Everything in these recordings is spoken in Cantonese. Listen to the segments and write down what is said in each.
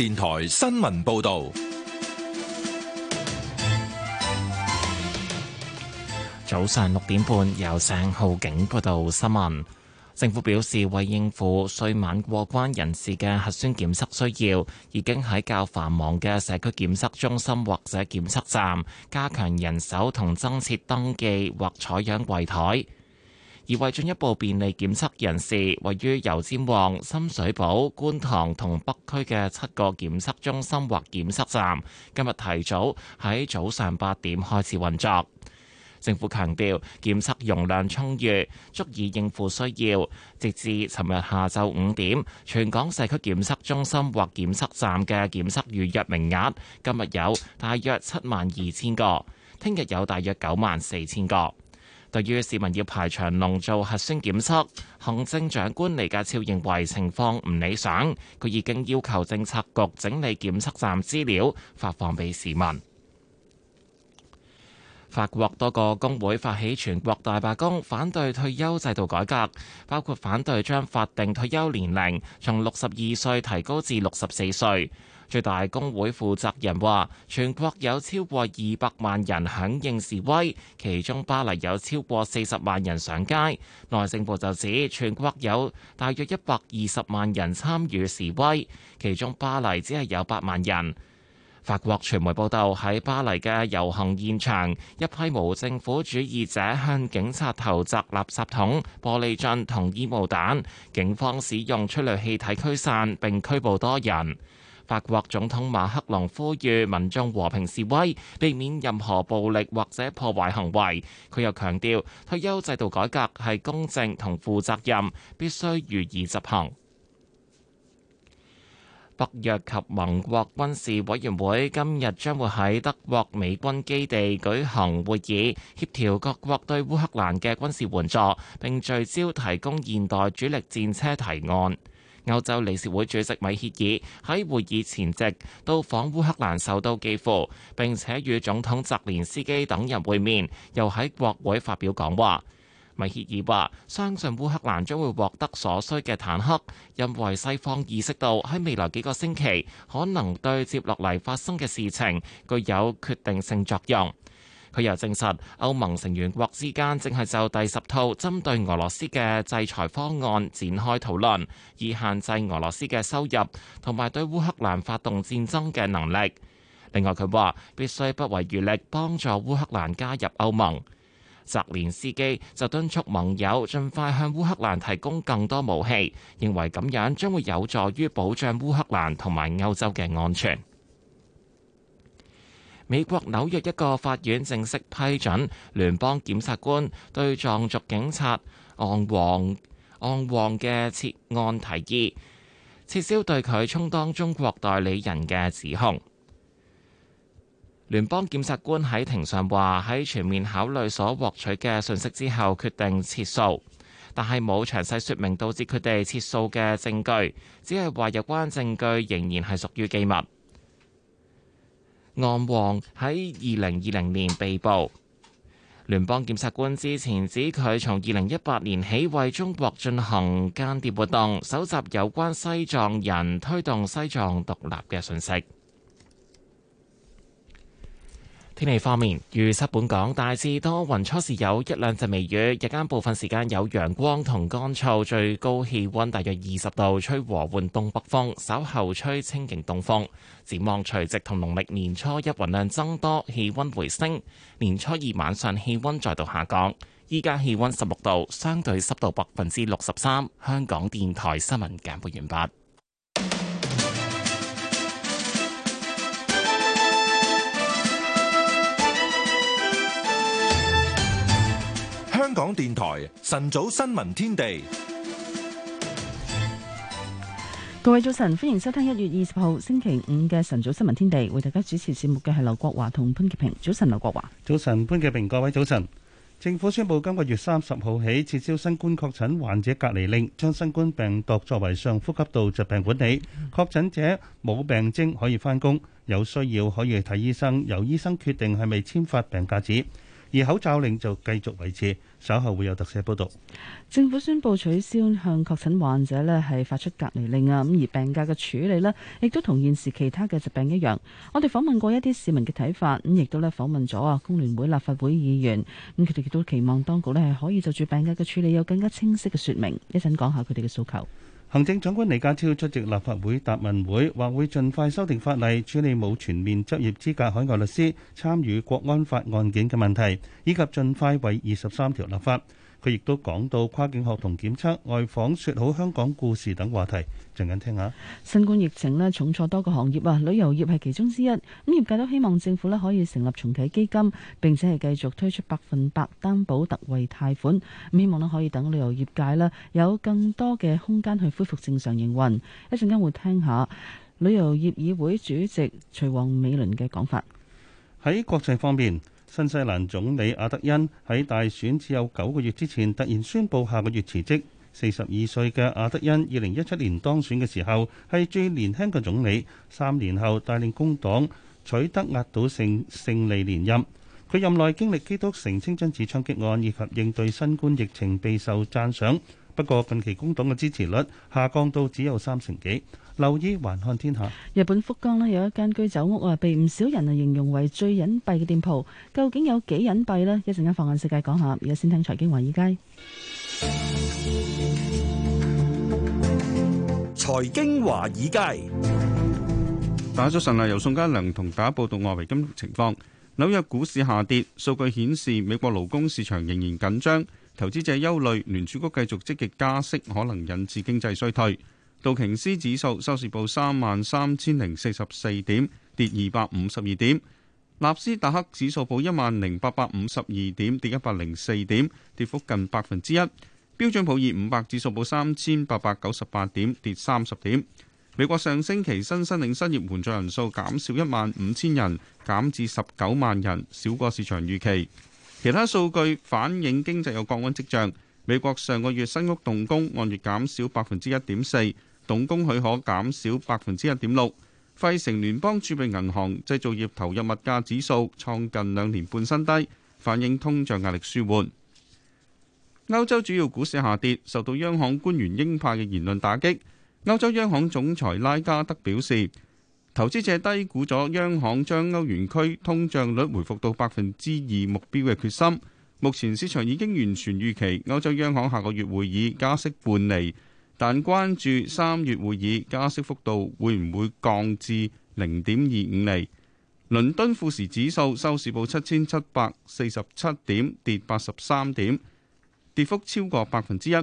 電台新聞報道，早上六點半由鄭浩景報道新聞。政府表示，為應付歲晚過關人士嘅核酸檢測需要，已經喺較繁忙嘅社區檢測中心或者檢測站加強人手，同增設登記或採樣櫃台。而為進一步便利檢測人士，位於油尖旺、深水埗、觀塘同北區嘅七個檢測中心或檢測站，今日提早喺早上八點開始運作。政府強調，檢測容量充裕，足以應付需要。直至尋日下晝五點，全港社區檢測中心或檢測站嘅檢測預約名額，今日有大約七萬二千個，聽日有大約九萬四千個。對於市民要排長龍做核酸檢測，行政長官李家超認為情況唔理想，佢已經要求政策局整理檢測站資料，發放畀市民。法國多個工會發起全國大罷工，反對退休制度改革，包括反對將法定退休年齡從六十二歲提高至六十四歲。最大工會負責人話：全國有超過二百萬人響應示威，其中巴黎有超過四十萬人上街。內政部就指全國有大約一百二十萬人參與示威，其中巴黎只係有八萬人。法國傳媒報道喺巴黎嘅遊行現場，一批無政府主義者向警察投擲垃圾桶、玻璃樽同煙霧彈，警方使用催淚氣體驅散並拘捕多人。法國總統馬克龍呼籲民眾和平示威，避免任何暴力或者破壞行為。佢又強調，退休制度改革係公正同負責任，必須予以執行。北約及盟國軍事委員會今日將會喺德國美軍基地舉行會議，協調各國對烏克蘭嘅軍事援助，並聚焦提供現代主力戰車提案。歐洲理事會主席米歇爾喺會議前夕到訪烏克蘭首都基輔，並且與總統澤連斯基等人會面，又喺國會發表講話。米歇爾話：相信烏克蘭將會獲得所需嘅坦克，因為西方意識到喺未來幾個星期可能對接落嚟發生嘅事情具有決定性作用。佢又證實，歐盟成員國之間正係就第十套針對俄羅斯嘅制裁方案展開討論，以限制俄羅斯嘅收入同埋對烏克蘭發動戰爭嘅能力。另外，佢話必須不遺餘力幫助烏克蘭加入歐盟。澤連斯基就敦促盟友盡快向烏克蘭提供更多武器，認為咁樣將會有助於保障烏克蘭同埋歐洲嘅安全。美國紐約一個法院正式批准聯邦檢察官對藏族警察昂旺昂旺嘅撤案提議，撤銷對佢充當中國代理人嘅指控。聯邦檢察官喺庭上話：喺全面考慮所獲取嘅信息之後，決定撤訴，但係冇詳細説明導致佢哋撤訴嘅證據，只係話有關證據仍然係屬於機密。岸王喺二零二零年被捕，聯邦檢察官之前指佢從二零一八年起為中國進行間諜活動，搜集有關西藏人推動西藏獨立嘅信息。天氣方面，預測本港大致多雲，初時有一兩陣微雨，日間部分時間有陽光同乾燥，最高氣溫大約二十度，吹和緩東北風，稍後吹清勁東風。展望除夕同農曆年初一，雲量增多，氣溫回升；年初二晚上氣溫再度下降。依家氣溫十六度，相對濕度百分之六十三。香港電台新聞簡報完畢。港電台晨早新聞天地，各位早晨，歡迎收聽一月二十號星期五嘅晨早新聞天地。為大家主持節目嘅係劉國華同潘潔平。早晨，劉國華。早晨，潘潔平。各位早晨。政府宣布今個月三十號起撤銷新冠確診患者隔離令，將新冠病毒作為上呼吸道疾病管理。確診者冇病徵可以返工，有需要可以去睇醫生，由醫生決定係咪簽發病假紙。而口罩令就繼續維持。稍後會有特寫報道。政府宣布取消向確診患者呢係發出隔離令啊，咁而病假嘅處理呢亦都同現時其他嘅疾病一樣。我哋訪問過一啲市民嘅睇法，咁亦都呢訪問咗啊工聯會立法會議員，咁佢哋亦都期望當局呢係可以就住病假嘅處理有更加清晰嘅說明。一陣講下佢哋嘅訴求。行政長官李家超出席立法會答問會，話會盡快修訂法例，處理冇全面執業資格海外律師參與國安法案件嘅問題，以及盡快為二十三條立法。佢亦都講到跨境學童檢測、外訪説好香港故事等話題，陣間聽下。新冠疫情咧重挫多個行業啊，旅遊業係其中之一。咁業界都希望政府咧可以成立重啟基金，並且係繼續推出百分百擔保特惠貸款，咁希望咧可以等旅遊業界咧有更多嘅空間去恢復正常營運。一陣間會聽下旅遊業議會主席徐王美倫嘅講法。喺國際方面。新西蘭總理阿德恩喺大選只有九個月之前，突然宣布下個月辭職。四十二歲嘅阿德恩，二零一七年當選嘅時候係最年輕嘅總理，三年後帶領工黨取得壓倒性勝利連任。佢任內經歷基督城清真寺槍擊案以及應對新冠疫情，備受讚賞。不過近期工黨嘅支持率下降到只有三成幾。留意環看天下。日本福岡呢有一間居酒屋啊，被唔少人啊形容為最隱蔽嘅店鋪。究竟有幾隱蔽呢？一陣間放眼世界講下。而家先聽財經華爾街。財經華爾街。大家早晨，由宋家良同大家報道外圍金融情況。紐約股市下跌，數據顯示美國勞工市場仍然緊張。投資者憂慮聯儲局繼續積極加息，可能引致經濟衰退。道瓊斯指數收市報三萬三千零四十四點，跌二百五十二點；納斯達克指數報一萬零八百五十二點，跌一百零四點，跌幅近百分之一。標準普爾五百指數報三千八百九十八點，跌三十點。美國上星期新申領失業援助人數減少一萬五千人，減至十九萬人，少過市場預期。其他數據反映經濟有降溫跡象。美國上個月新屋動工按月減少百分之一點四，動工許可減少百分之一點六。費城聯邦儲備銀行製造業投入物價指數創近兩年半新低，反映通脹壓力舒緩。歐洲主要股市下跌，受到央行官員鷹派嘅言論打擊。歐洲央行總裁拉加德表示。投資者低估咗央行將歐元區通脹率回復到百分之二目標嘅決心。目前市場已經完全預期歐洲央行下個月會議加息半厘，但關注三月會議加息幅度會唔會降至零點二五厘。倫敦富時指數收市報七千七百四十七點，跌八十三點，跌幅超過百分之一。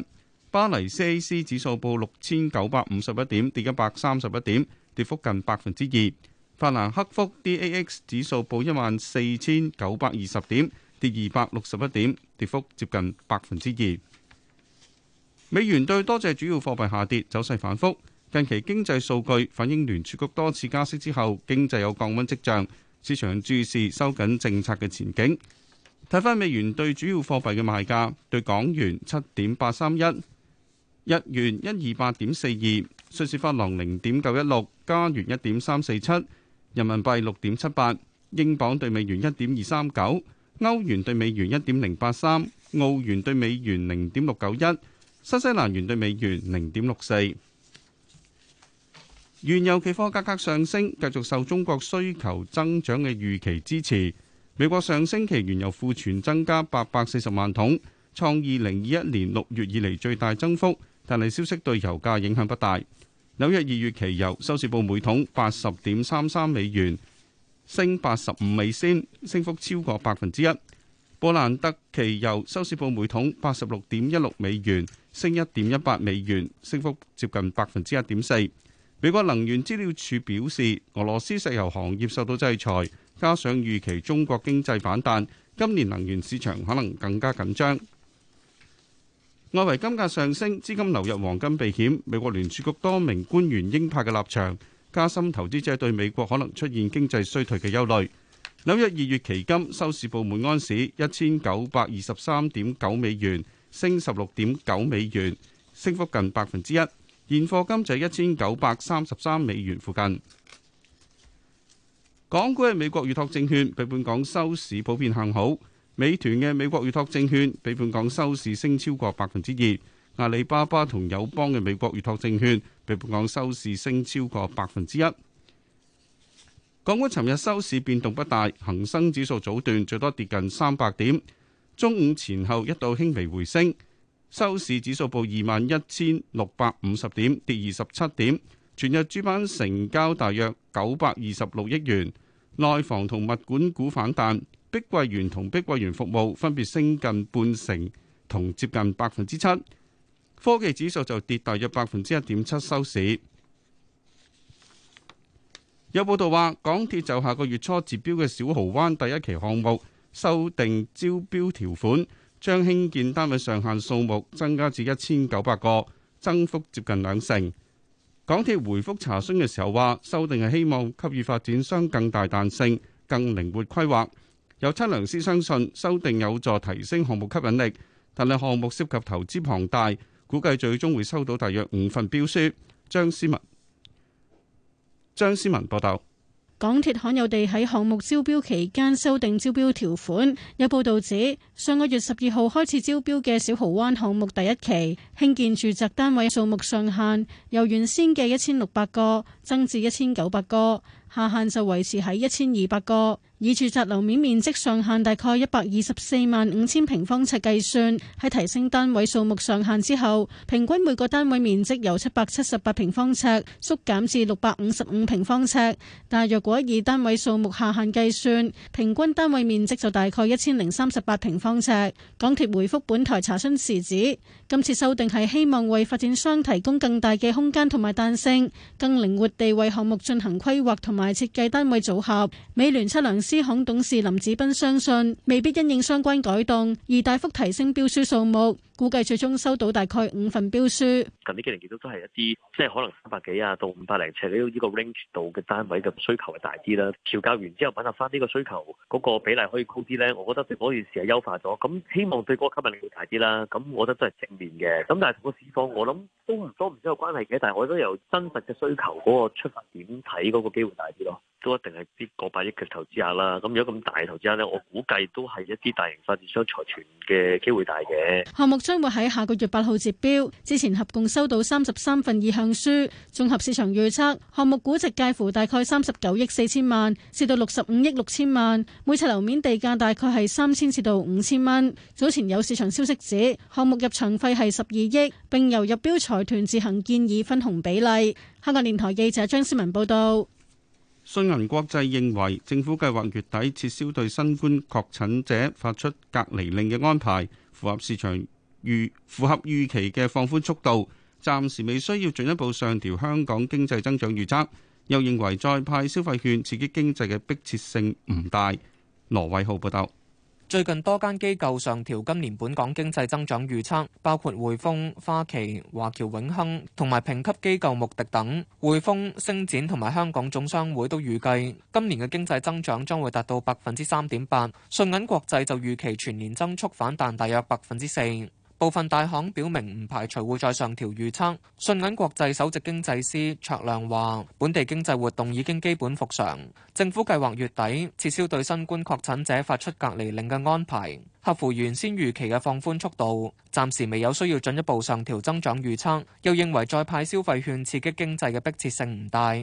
巴黎 CAC 指數報六千九百五十一點，跌一百三十一點。跌幅近百分之二。法蘭克福 DAX 指數報一萬四千九百二十點，跌二百六十一點，跌幅接近百分之二。美元兌多隻主要貨幣下跌，走勢反覆。近期經濟數據反映聯儲局多次加息之後，經濟有降温跡象，市場注視收緊政策嘅前景。睇返美元兌主要貨幣嘅賣價，對港元七點八三一，日元一二八點四二。瑞士法郎零點九一六，加元一點三四七，人民幣六點七八，英鎊對美元一點二三九，歐元對美元一點零八三，澳元對美元零點六九一，新西蘭元對美元零點六四。原油期貨價格上升，繼續受中國需求增長嘅預期支持。美國上星期原油庫存增加八百四十萬桶，創二零二一年六月以嚟最大增幅。但係消息對油價影響不大。紐約二月期油收市報每桶八十點三三美元，升八十五美仙，升幅超過百分之一。布蘭特期油收市報每桶八十六點一六美元，升一點一八美元，升幅接近百分之一點四。美國能源資料處表示，俄羅斯石油行業受到制裁，加上預期中國經濟反彈，今年能源市場可能更加緊張。外圍金價上升，資金流入黃金避險。美國聯儲局多名官員鷹派嘅立場，加深投資者對美國可能出現經濟衰退嘅憂慮。紐約二月期金收市報每盎司一千九百二十三點九美元，升十六點九美元，升幅近百分之一。現貨金就係一千九百三十三美元附近。港股嘅美國預託證券，比本港收市普遍向好。美團嘅美國預託證券比本港收市升超過百分之二，阿里巴巴同友邦嘅美國預託證券比本港收市升超過百分之一。港股尋日收市變動不大，恒生指數早段最多跌近三百點，中午前後一度輕微回升，收市指數報二萬一千六百五十點，跌二十七點。全日主板成交大約九百二十六億元，內房同物管股反彈。碧桂園同碧桂園服務分別升近半成，同接近百分之七。科技指數就跌大約百分之一點七收市。有報道話，港鐵就下個月初截標嘅小蠔灣第一期項目修訂招標條款，將興建單位上限數目增加至一千九百個，增幅接近兩成。港鐵回覆查詢嘅時候話，修訂係希望給予發展商更大彈性，更靈活規劃。有測量師相信，修訂有助提升項目吸引力，但係項目涉及投資龐大，估計最終會收到大約五份標書。張思文，張思文報道，港鐵罕有地喺項目招標期間修訂招標條款。有報道指，上個月十二號開始招標嘅小蠔灣項目第一期興建住宅單位數目上限由原先嘅一千六百個增至一千九百個，下限就維持喺一千二百個。以住宅樓面面積上限大概一百二十四萬五千平方尺計算，喺提升單位數目上限之後，平均每個單位面積由七百七十八平方尺縮減至六百五十五平方尺。但若果以單位數目下限計算，平均單位面積就大概一千零三十八平方尺。港鐵回覆本台查詢時指：今次修訂係希望為發展商提供更大嘅空間同埋彈性，更靈活地為項目進行規劃同埋設計單位組合。美聯測量師行董事林子斌相信，未必因應相關改動而大幅提升標書數目，估計最終收到大概五份標書。近呢幾年其實都係一啲，即係可能三百幾啊到五百零尺呢呢個 range 度嘅單位嘅需求係大啲啦。調校完之後揾下翻呢個需求嗰個比例可以高啲呢。我覺得對嗰件事係優化咗。咁希望對嗰個吸引力會大啲啦。咁我覺得都係面嘅，咁但係同個市況，我諗都唔多唔少有關係嘅。但係我覺得由真實嘅需求嗰個出發點睇，嗰個機會大啲咯。都一定係啲過百億嘅投資額啦。咁如果咁大嘅投資額呢，我估計都係一啲大型發展商財團嘅機會大嘅。項目將會喺下個月八號截標，之前合共收到三十三份意向書。綜合市場預測，項目估值介乎大概三十九億四千萬至到六十五億六千萬。每尺樓面地價大概係三千至到五千蚊。早前有市場消息指項目入場費係十二億，並由入標財團自行建議分紅比例。香港電台記者張思文報道。信銀國際認為，政府計劃月底撤銷對新冠確診者發出隔離令嘅安排，符合市場預符合預期嘅放寬速度，暫時未需要進一步上調香港經濟增長預測。又認為再派消費券刺激經濟嘅迫切性唔大。羅偉浩報道。最近多間機構上調今年本港經濟增長預測，包括匯豐、花旗、華僑永亨同埋評級機構穆迪等。匯豐、星展同埋香港總商會都預計今年嘅經濟增長將會達到百分之三點八。信銀國際就預期全年增速反彈大約百分之四。部分大行表明唔排除會再上調預測，信銀國際首席經濟師卓亮話本地經濟活動已經基本復常，政府計劃月底撤銷對新冠確診者發出隔離令嘅安排，合乎原先預期嘅放寬速度。暫時未有需要進一步上調增長預測，又認為再派消費券刺激經濟嘅迫切性唔大。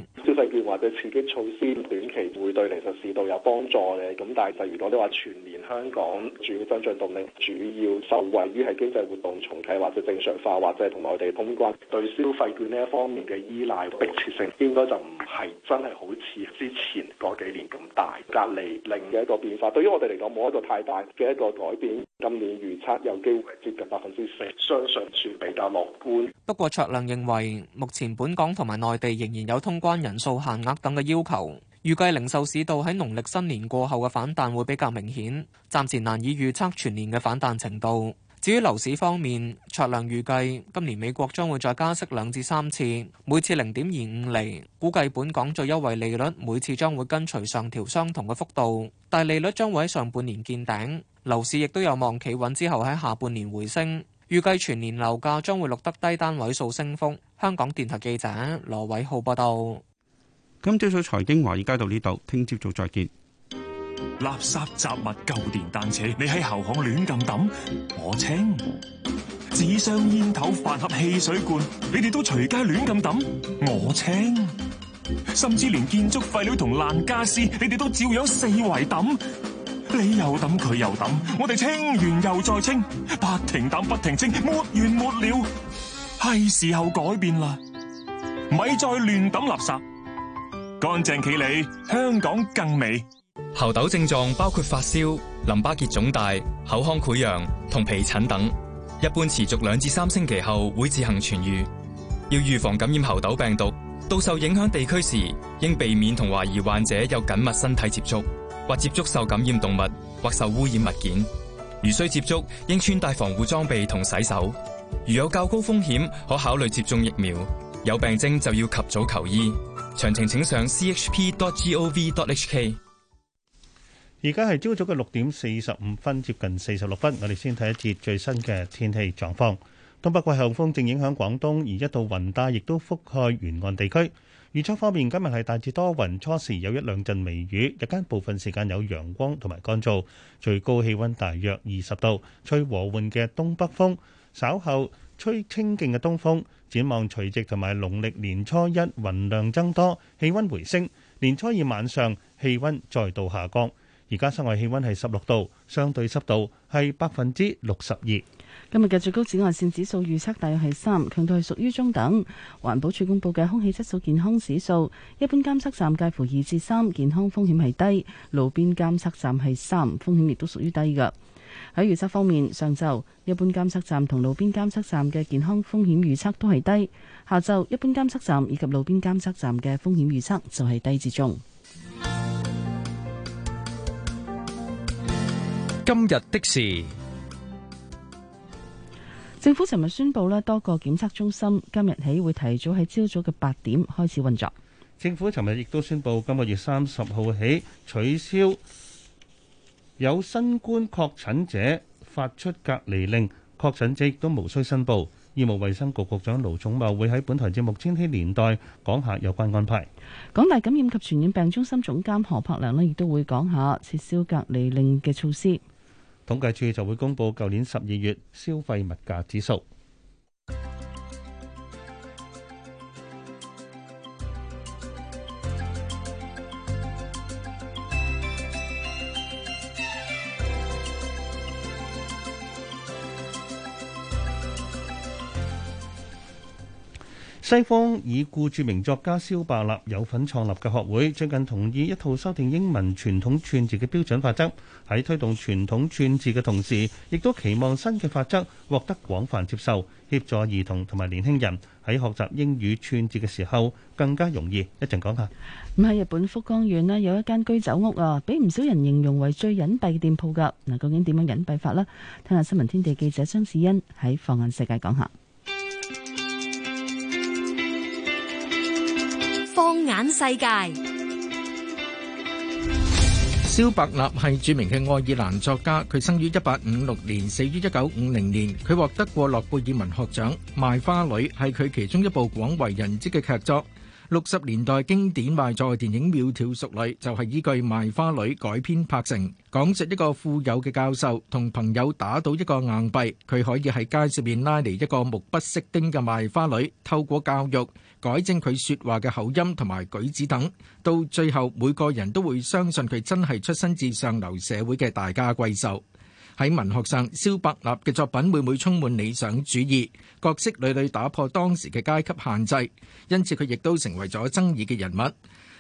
或者刺激措施短期會對零售市道有幫助嘅，咁但係就如果你話全年香港主要增長動力主要受惠於係經濟活動重啟或者正常化，或者係同內地通關對消費券呢一方面嘅依賴迫切性應該就唔係真係好似之前嗰幾年咁大。隔離令嘅一個變化對於我哋嚟講冇一個太大嘅一個改變，今年預測有機會接近百分之四，相信算比較樂觀，不過卓亮認為目前本港同埋內地仍然有通關人數限額等嘅要求，預計零售市道喺農曆新年過後嘅反彈會比較明顯，暫時難以預測全年嘅反彈程度。至於樓市方面，卓量預計今年美國將會再加息兩至三次，每次零點二五厘，估計本港最優惠利率每次將會跟隨上調相同嘅幅度，但利率將會喺上半年見頂，樓市亦都有望企穩之後喺下半年回升。預計全年樓價將會錄得低單位數升幅。香港電台記者羅偉浩報道。今朝早財經華爾街到呢度，聽朝早再見。垃圾雜物、舊電單車，你喺後巷亂咁抌，我清；紙箱、煙頭、飯盒、汽水罐，你哋都隨街亂咁抌，我清。甚至連建築廢料同爛家私，你哋都照樣四圍抌，你又抌佢又抌，我哋清完又再清，不停抌不停清，沒完沒了。係時候改變啦，咪再亂抌垃圾。乾淨企理，香港更美。猴痘症狀包括發燒、淋巴結腫大、口腔潰瘍同皮疹等，一般持續兩至三星期後會自行痊癒。要預防感染猴痘病毒，到受影響地區時，應避免同懷疑患者有緊密身體接觸，或接觸受感染動物，或受污染物件。如需接觸，應穿戴防護裝備同洗手。如有較高風險，可考慮接種疫苗。有病徵就要及早求醫。詳情請上 c h p dot g o v dot h k。而家係朝早嘅六點四十五分，接近四十六分，我哋先睇一節最新嘅天氣狀況。東北季候風正影響廣東，而一度雲帶亦都覆蓋沿岸地區。預測方面，今日係大致多雲，初時有一兩陣微雨，日間部分時間有陽光同埋乾燥，最高氣溫大約二十度，吹和緩嘅東北風，稍後吹清勁嘅東風。展望除夕同埋農曆年初一雲量增多，氣温回升；年初二晚上氣温再度下降。而家室外氣温係十六度，相對濕度係百分之六十二。今日嘅最高紫外線指數預測大約係三，強度係屬於中等。環保署公布嘅空氣質素健康指數，一般監測站介乎二至三，健康風險係低；路邊監測站係三，風險亦都屬於低㗎。喺預測方面，上晝一般監測站同路邊監測站嘅健康風險預測都係低；下晝一般監測站以及路邊監測站嘅風險預測就係低至中。今日的事，政府尋日宣布咧，多個檢測中心今日起會提早喺朝早嘅八點開始運作。政府尋日亦都宣布，今個月三十號起取消。有新冠確診者發出隔離令，確診者亦都無需申報。醫務衛生局局長盧寵茂會喺本台節目《千禧年代》講下有關安排。港大感染及傳染病中心總監何柏良呢，亦都會講下撤銷隔離令嘅措施。統計處就會公布舊年十二月消費物價指數。西方已故著名作家肖伯納有份創立嘅學會，最近同意一套修訂英文傳統串字嘅標準法則，喺推動傳統串字嘅同時，亦都期望新嘅法則獲得廣泛接受，協助兒童同埋年輕人喺學習英語串字嘅時候更加容易。一陣講下。咁喺日本福岡縣咧，有一間居酒屋啊，俾唔少人形容為最隱蔽店鋪噶，嗱，究竟點樣隱蔽法咧？聽下新聞天地記者張子欣喺放眼世界講下。放眼世界，蕭伯納係著名嘅愛爾蘭作家，佢生於一八五六年，死於一九五零年，佢獲得過諾貝爾文學獎，《賣花女》係佢其中一部廣為人知嘅劇作。60年代經典賣座電影窈窕淑女，就係依據賣花女改編拍成。講述一個富有嘅教授，同朋友打到一個硬幣，佢可以喺街上面拉嚟一個目不識丁嘅賣花女，透過教育，改正佢說話嘅口音同埋舉止等。到最後，每個人都會相信佢真係出身自上流社會嘅大家閨秀。喺文學上，蕭伯納嘅作品每每充滿理想主義，角色屢屢打破當時嘅階級限制，因此佢亦都成為咗爭議嘅人物。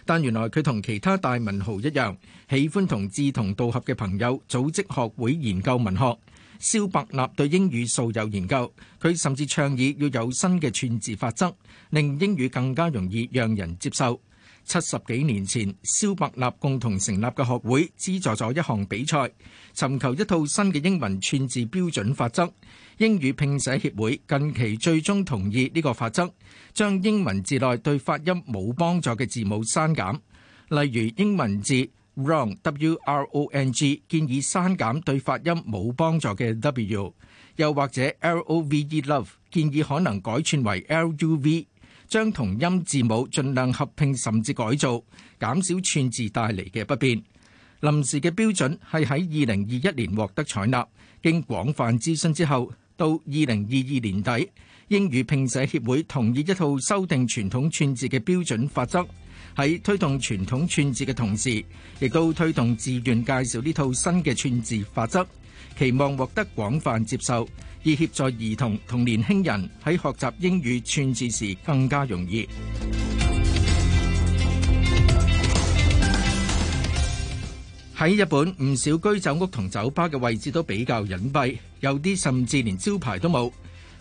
但原來佢同其他大文豪一樣，喜歡同志同道合嘅朋友組織學會研究文學。蕭伯納對英語素有研究，佢甚至倡議要有新嘅串字法則，令英語更加容易讓人接受。七十幾年前，蕭伯納共同成立嘅學會資助咗一項比賽，尋求一套新嘅英文串字標準法則。英語拼寫協會近期最終同意呢個法則，將英文字內對發音冇幫助嘅字母刪減，例如英文字 wrong（W R O N G） 建議刪減對發音冇幫助嘅 W，又或者 L O V E（love） 建議可能改串為 L U V。將同音字母盡量合併，甚至改造，減少串字帶嚟嘅不便。臨時嘅標準係喺二零二一年獲得採納，經廣泛諮詢之後，到二零二二年底，英語拼寫協會同意一套修訂傳統串字嘅標準法則。喺推動傳統串字嘅同時，亦都推動自願介紹呢套新嘅串字法則。期望獲得廣泛接受，以協助兒童同年輕人喺學習英語串字時更加容易。喺日本，唔 少居酒屋同酒吧嘅位置都比較隱蔽，有啲甚至連招牌都冇。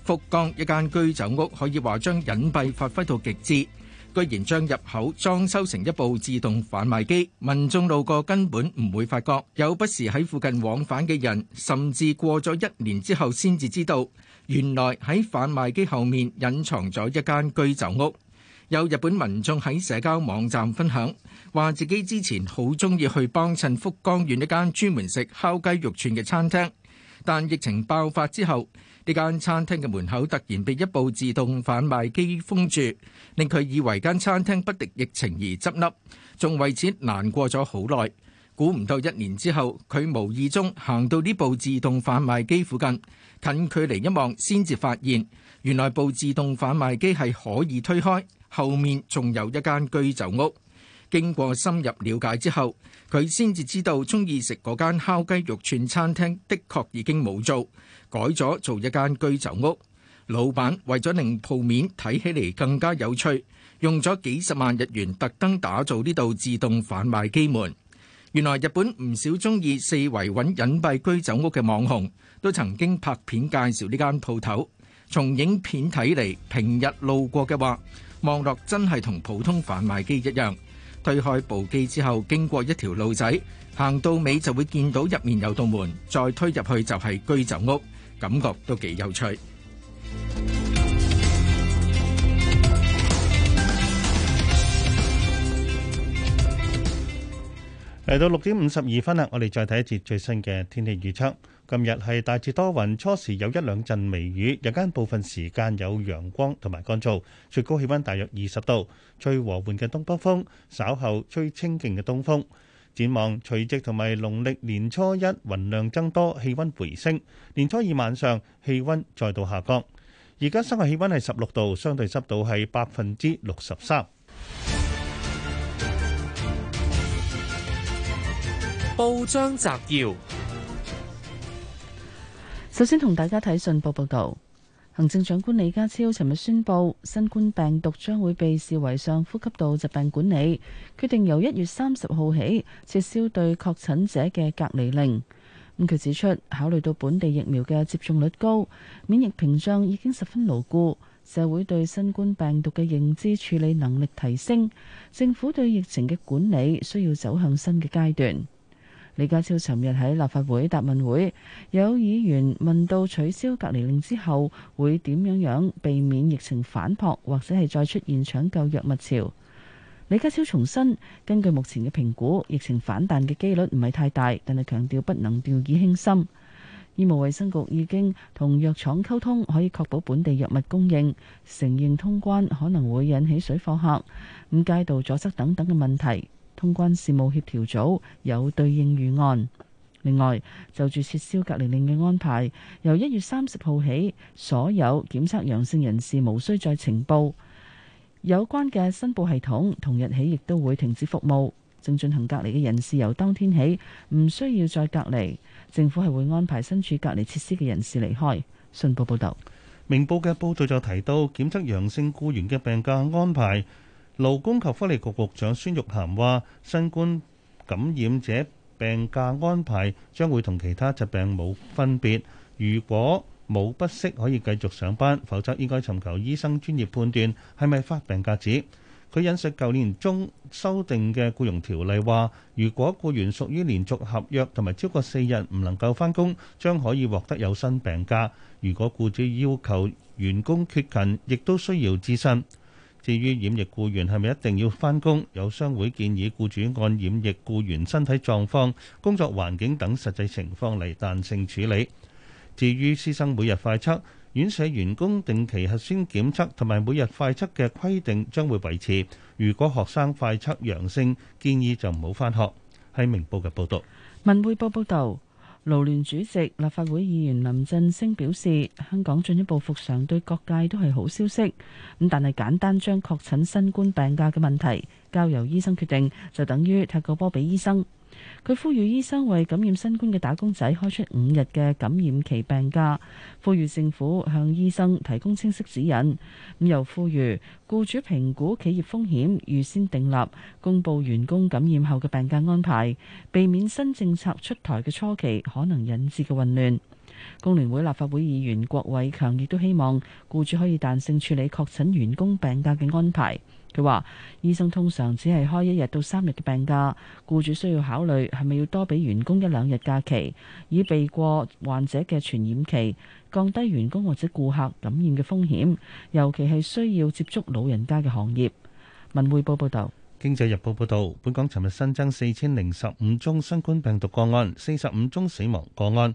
福岡一間居酒屋可以話將隱蔽發揮到極致。居然將入口裝修成一部自動販賣機，民眾路過根本唔會發覺。有不時喺附近往返嘅人，甚至過咗一年之後先至知道，原來喺販賣機後面隱藏咗一間居酒屋。有日本民眾喺社交網站分享，話自己之前好鍾意去幫襯福岡縣一間專門食烤雞肉串嘅餐廳，但疫情爆發之後，呢間餐廳嘅門口突然被一部自動販賣機封住，令佢以為間餐廳不敵疫情而執笠，仲為此難過咗好耐。估唔到一年之後，佢無意中行到呢部自動販賣機附近，近距離一望先至發現，原來部自動販賣機係可以推開，後面仲有一間居酒屋。經過深入了解之後，佢先至知道中意食嗰間烤雞肉串餐廳，的確已經冇做。改咗做一間居酒屋，老闆為咗令鋪面睇起嚟更加有趣，用咗幾十萬日元特登打造呢度自動販賣機門。原來日本唔少中意四圍揾隱蔽居酒屋嘅網紅，都曾經拍片介紹呢間鋪頭。從影片睇嚟，平日路過嘅話，望落真係同普通販賣機一樣。推開部機之後，經過一條路仔，行到尾就會見到入面有道門，再推入去就係居酒屋。感覺都幾有趣。嚟到六點五十二分啦，我哋再睇一節最新嘅天氣預測。今日係大致多雲，初時有一兩陣微雨，日間部分時間有陽光同埋乾燥，最高氣溫大約二十度，吹和緩嘅東北風，稍後吹清勁嘅東風。展望除夕同埋農曆年初一雲量增多，氣温回升；年初二晚上氣温再度下降。而家室外氣温係十六度，相對濕度係百分之六十三。報章摘要，首先同大家睇信報報道。行政長官李家超尋日宣布，新冠病毒將會被視為上呼吸道疾病管理，決定由一月三十號起撤銷對確診者嘅隔離令。咁、嗯、佢指出，考慮到本地疫苗嘅接種率高，免疫屏障已經十分牢固，社會對新冠病毒嘅認知處理能力提升，政府對疫情嘅管理需要走向新嘅階段。李家超尋日喺立法會答問會，有議員問到取消隔離令之後會點樣樣，避免疫情反撲，或者係再出現搶救藥物潮。李家超重申，根據目前嘅評估，疫情反彈嘅幾率唔係太大，但係強調不能掉以輕心。醫務衛生局已經同藥廠溝通，可以確保本地藥物供應，承認通關可能會引起水貨客、咁街道阻塞等等嘅問題。通關事務協調組有對應預案。另外，就住撤銷隔離令嘅安排，由一月三十號起，所有檢測陽性人士無需再呈報。有關嘅申報系統，同日起亦都會停止服務。正進行隔離嘅人士，由當天起唔需要再隔離。政府係會安排身處隔離設施嘅人士離開。信報報道，明報嘅報道就提到檢測陽性雇員嘅病假安排。勞工及福利局局長孫玉菡話，新冠感染者病假安排將會同其他疾病冇分別。如果冇不適，可以繼續上班，否則應該尋求醫生專業判斷係咪發病假紙。佢引述舊年中修訂嘅僱傭條例話，如果僱員屬於連續合約，同埋超過四日唔能夠翻工，將可以獲得有薪病假。如果僱主要求員工缺勤，亦都需要諮詢。至於染疫雇員係咪一定要翻工？有商會建議，雇主按染疫雇員身體狀況、工作環境等實際情況嚟彈性處理。至於師生每日快測、院舍員工定期核酸檢測同埋每日快測嘅規定將會維持。如果學生快測陽性，建議就唔好翻學。喺《明報》嘅報道，文匯報報導。勞聯主席立法會議員林振昇表示，香港進一步復常對各界都係好消息。咁但係簡單將確診新冠病假嘅問題交由醫生決定，就等於踢個波俾醫生。佢呼籲醫生為感染新冠嘅打工仔開出五日嘅感染期病假，呼籲政府向醫生提供清晰指引。咁又呼籲僱主評估企業風險，預先訂立公佈員工感染後嘅病假安排，避免新政策出台嘅初期可能引致嘅混亂。工聯會立法會議員郭偉強亦都希望僱主可以彈性處理確診員工病假嘅安排。佢話：醫生通常只係開一日到三日嘅病假，僱主需要考慮係咪要多俾員工一兩日假期，以避過患者嘅傳染期，降低員工或者顧客感染嘅風險，尤其係需要接觸老人家嘅行業。文匯報報道。《經濟日報》報道，本港尋日新增四千零十五宗新冠病毒個案，四十五宗死亡個案。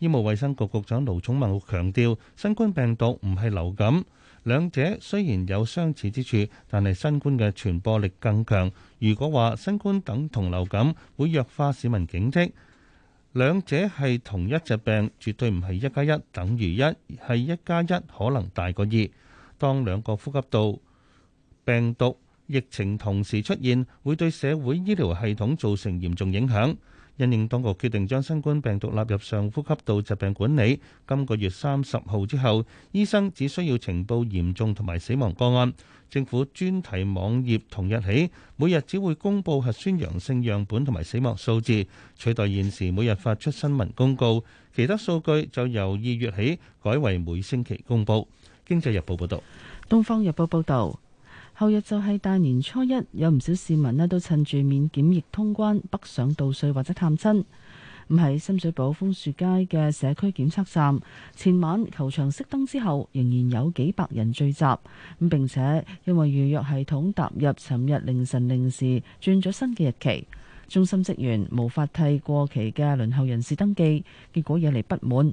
醫務衛生局局長盧寵茂強調：新冠病毒唔係流感。兩者雖然有相似之處，但係新冠嘅傳播力更強。如果話新冠等同流感，會弱化市民警惕。兩者係同一疾病，絕對唔係一加一等於一，係一加一可能大過二。當兩個呼吸道病毒疫情同時出現，會對社會醫療系統造成嚴重影響。因應當局決定將新冠病毒納入上呼吸道疾病管理，今個月三十號之後，醫生只需要呈報嚴重同埋死亡個案。政府專題網頁同日起，每日只會公佈核酸陽性樣本同埋死亡數字，取代現時每日發出新聞公告。其他數據就由二月起改為每星期公佈。經濟日報報道，東方日報報道。後日就係大年初一，有唔少市民咧都趁住免檢疫通關北上渡歲或者探親。咁、嗯、喺深水埗楓樹街嘅社區檢測站，前晚球場熄燈之後，仍然有幾百人聚集。咁、嗯、並且因為預約系統踏入尋日凌晨零時轉咗新嘅日期，中心職員無法替過期嘅輪候人士登記，結果惹嚟不滿。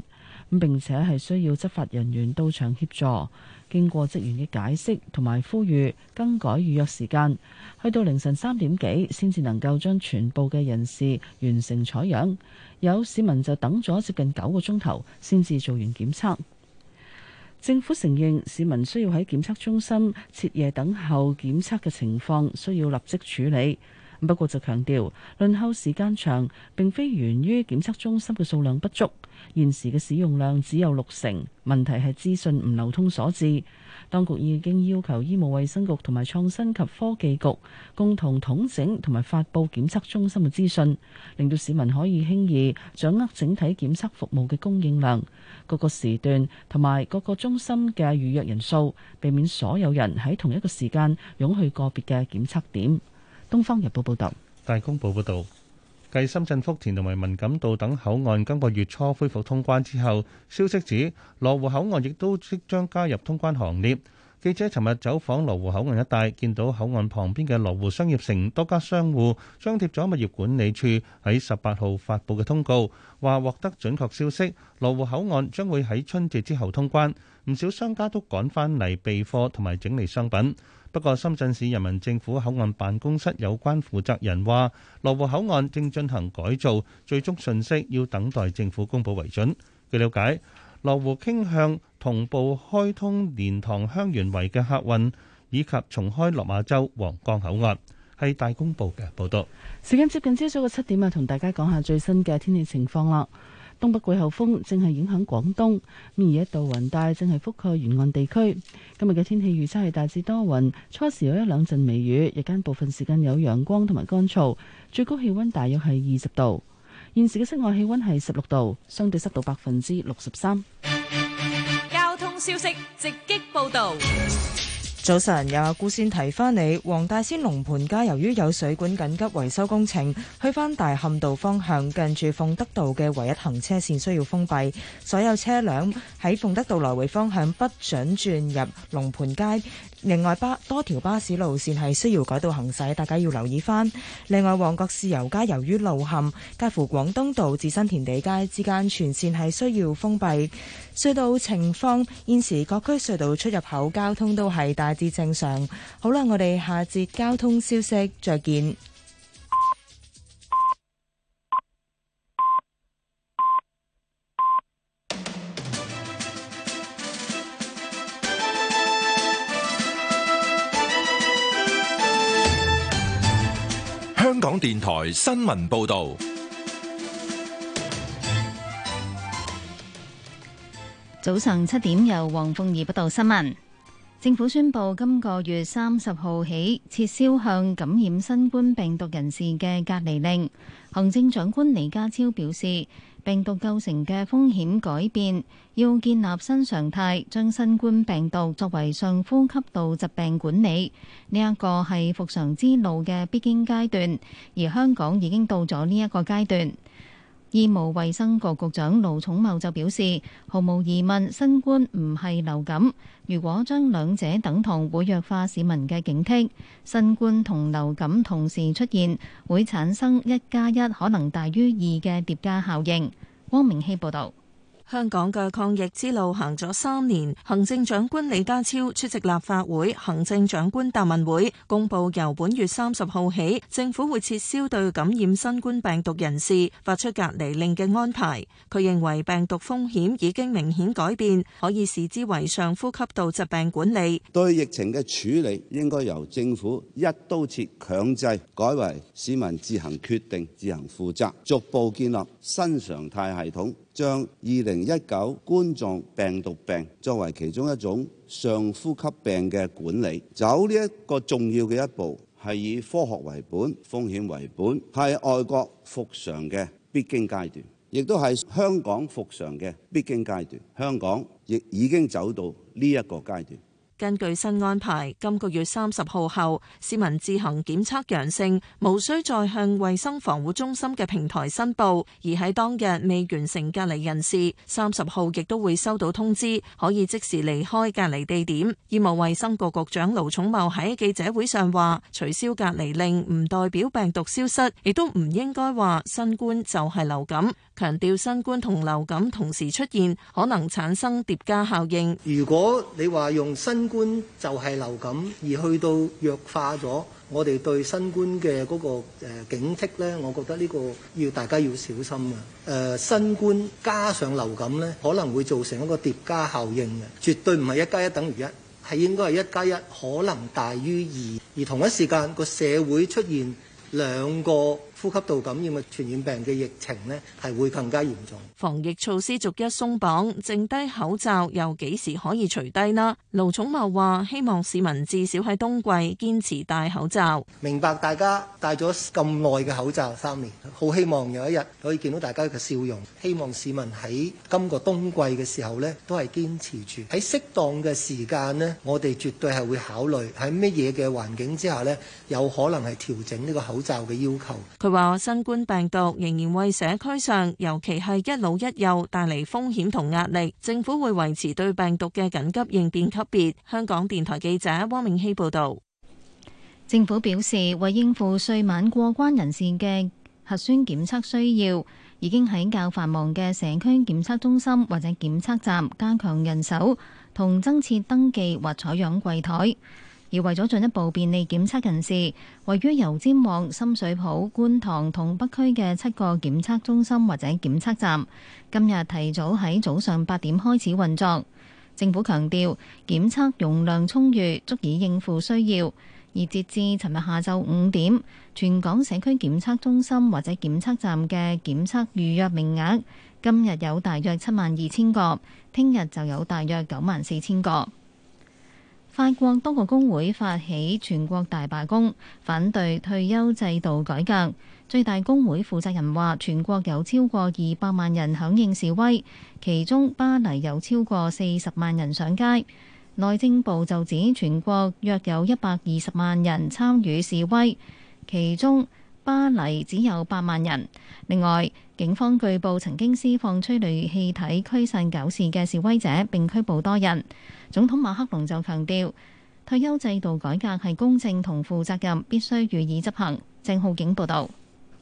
咁、嗯、並且係需要執法人員到場協助。經過職員嘅解釋同埋呼籲，更改預約時間，去到凌晨三點幾，先至能夠將全部嘅人士完成採樣。有市民就等咗接近九個鐘頭，先至做完檢測。政府承認市民需要喺檢測中心徹夜等候檢測嘅情況，需要立即處理。不過就強調，輪候時間長，並非源於檢測中心嘅數量不足。現時嘅使用量只有六成，問題係資訊唔流通所致。當局已經要求醫務衛生局同埋創新及科技局共同統整同埋發布檢測中心嘅資訊，令到市民可以輕易掌握整體檢測服務嘅供應量、各個時段同埋各個中心嘅預約人數，避免所有人喺同一個時間湧去個別嘅檢測點。《東方日報》報道。《大公報》報導。繼深圳福田同埋文錦渡等口岸今個月初恢復通關之後，消息指羅湖口岸亦都即將加入通關行列。記者尋日走訪羅湖口岸一帶，見到口岸旁邊嘅羅湖商業城多家商戶張貼咗物業管理處喺十八號發布嘅通告，話獲得準確消息，羅湖口岸將會喺春節之後通關。唔少商家都趕返嚟備貨同埋整理商品。不過，深圳市人民政府口岸辦公室有關負責人話：羅湖口岸正進行改造，最終信息要等待政府公佈為準。據了解，羅湖傾向同步開通蓮塘香園圍嘅客運，以及重開落馬洲皇崗口岸，係大公報嘅報道。時間接近朝早嘅七點啊，同大家講下最新嘅天氣情況啦。東北季候風正係影響廣東，而一道雲帶正係覆蓋沿岸地區。今日嘅天氣預測係大致多雲，初時有一兩陣微雨，日間部分時間有陽光同埋乾燥，最高氣溫大約係二十度。現時嘅室外氣溫係十六度，相對濕度百分之六十三。交通消息直擊報道。早晨，有孤、啊、先提翻你，黃大仙龍盤街由於有水管緊急維修工程，去返大磡道方向近住鳳德道嘅唯一行車綫需要封閉，所有車輛喺鳳德道來回方向不准轉入龍盤街。另外，巴多條巴士路線係需要改道行駛，大家要留意翻。另外，旺角豉油街由於路陷，介乎廣東道至新填地街之間全線係需要封閉。隧道情況，現時各區隧道出入口交通都係大致正常。好啦，我哋下節交通消息再見。香港電台新聞報道，早上七點由黃鳳儀報道新聞。政府宣布，今個月三十號起撤銷向感染新冠病毒人士嘅隔離令。行政長官李家超表示，病毒構成嘅風險改變，要建立新常態，將新冠病毒作為上呼吸道疾病管理，呢一個係復常之路嘅必經階段，而香港已經到咗呢一個階段。醫務衛生局局長盧寵茂就表示，毫無疑問，新冠唔係流感。如果將兩者等同，會弱化市民嘅警惕。新冠同流感同時出現，會產生一加一可能大於二嘅疊加效應。汪明熙報導。香港嘅抗疫之路行咗三年，行政長官李家超出席立法會行政長官答問會，公布由本月三十號起，政府會撤銷對感染新冠病毒人士發出隔離令嘅安排。佢認為病毒風險已經明顯改變，可以視之為上呼吸道疾病管理。對疫情嘅處理應該由政府一刀切強制改為市民自行決定、自行負責，逐步建立新常態系統。將二零一九冠狀病毒病作為其中一種上呼吸病嘅管理，走呢一個重要嘅一步，係以科學為本、風險為本，係外國復常嘅必經階段，亦都係香港復常嘅必經階段。香港亦已經走到呢一個階段。根據新安排，今個月三十號後，市民自行檢測陽性，無需再向衞生防護中心嘅平台申報；而喺當日未完成隔離人士，三十號亦都會收到通知，可以即時離開隔離地點。醫務衞生局局長盧寵茂喺記者會上話，取消隔離令唔代表病毒消失，亦都唔應該話新冠就係流感，強調新冠同流感同時出現，可能產生疊加效應。如果你話用新觀就係流感，而去到弱化咗，我哋對新冠嘅嗰個警惕呢，我覺得呢個要大家要小心啊！誒、呃，新冠加上流感呢，可能會造成一個疊加效應嘅，絕對唔係一加一等於一，係應該係一加一可能大於二，而同一時間個社會出現兩個呼吸道感染嘅傳染病嘅疫情呢，係會更加嚴重。防疫措施逐一鬆綁，剩低口罩又幾時可以除低呢？盧寵茂話，希望市民至少喺冬季堅持戴口罩。明白大家戴咗咁耐嘅口罩三年，好希望有一日可以見到大家嘅笑容。希望市民喺今個冬季嘅時候呢，都係堅持住喺適當嘅時間呢，我哋絕對係會考慮喺乜嘢嘅環境之下呢，有可能係調整呢個口罩嘅要求。話新冠病毒仍然為社區上，尤其係一老一幼帶嚟風險同壓力。政府會維持對病毒嘅緊急應變級別。香港電台記者汪明熙報道。政府表示，為應付歲晚過關人士嘅核酸檢測需要，已經喺較繁忙嘅社區檢測中心或者檢測站加強人手同增設登記或採樣櫃台。而為咗進一步便利檢測人士，位於油尖旺、深水埗、觀塘同北區嘅七個檢測中心或者檢測站，今日提早喺早上八點開始運作。政府強調檢測容量充裕，足以應付需要。而截至尋日下晝五點，全港社區檢測中心或者檢測站嘅檢測預約名額，今日有大約七萬二千個，聽日就有大約九萬四千個。法國多個工會發起全國大罷工，反對退休制度改革。最大工會負責人話，全國有超過二百萬人響應示威，其中巴黎有超過四十萬人上街。內政部就指全國約有一百二十萬人參與示威，其中巴黎只有八萬人。另外，警方據報曾經施放催淚氣體驅散搞事嘅示威者，並拘捕多人。總統馬克龍就強調，退休制度改革係公正同負責任，必須予以執行。鄭浩景報道。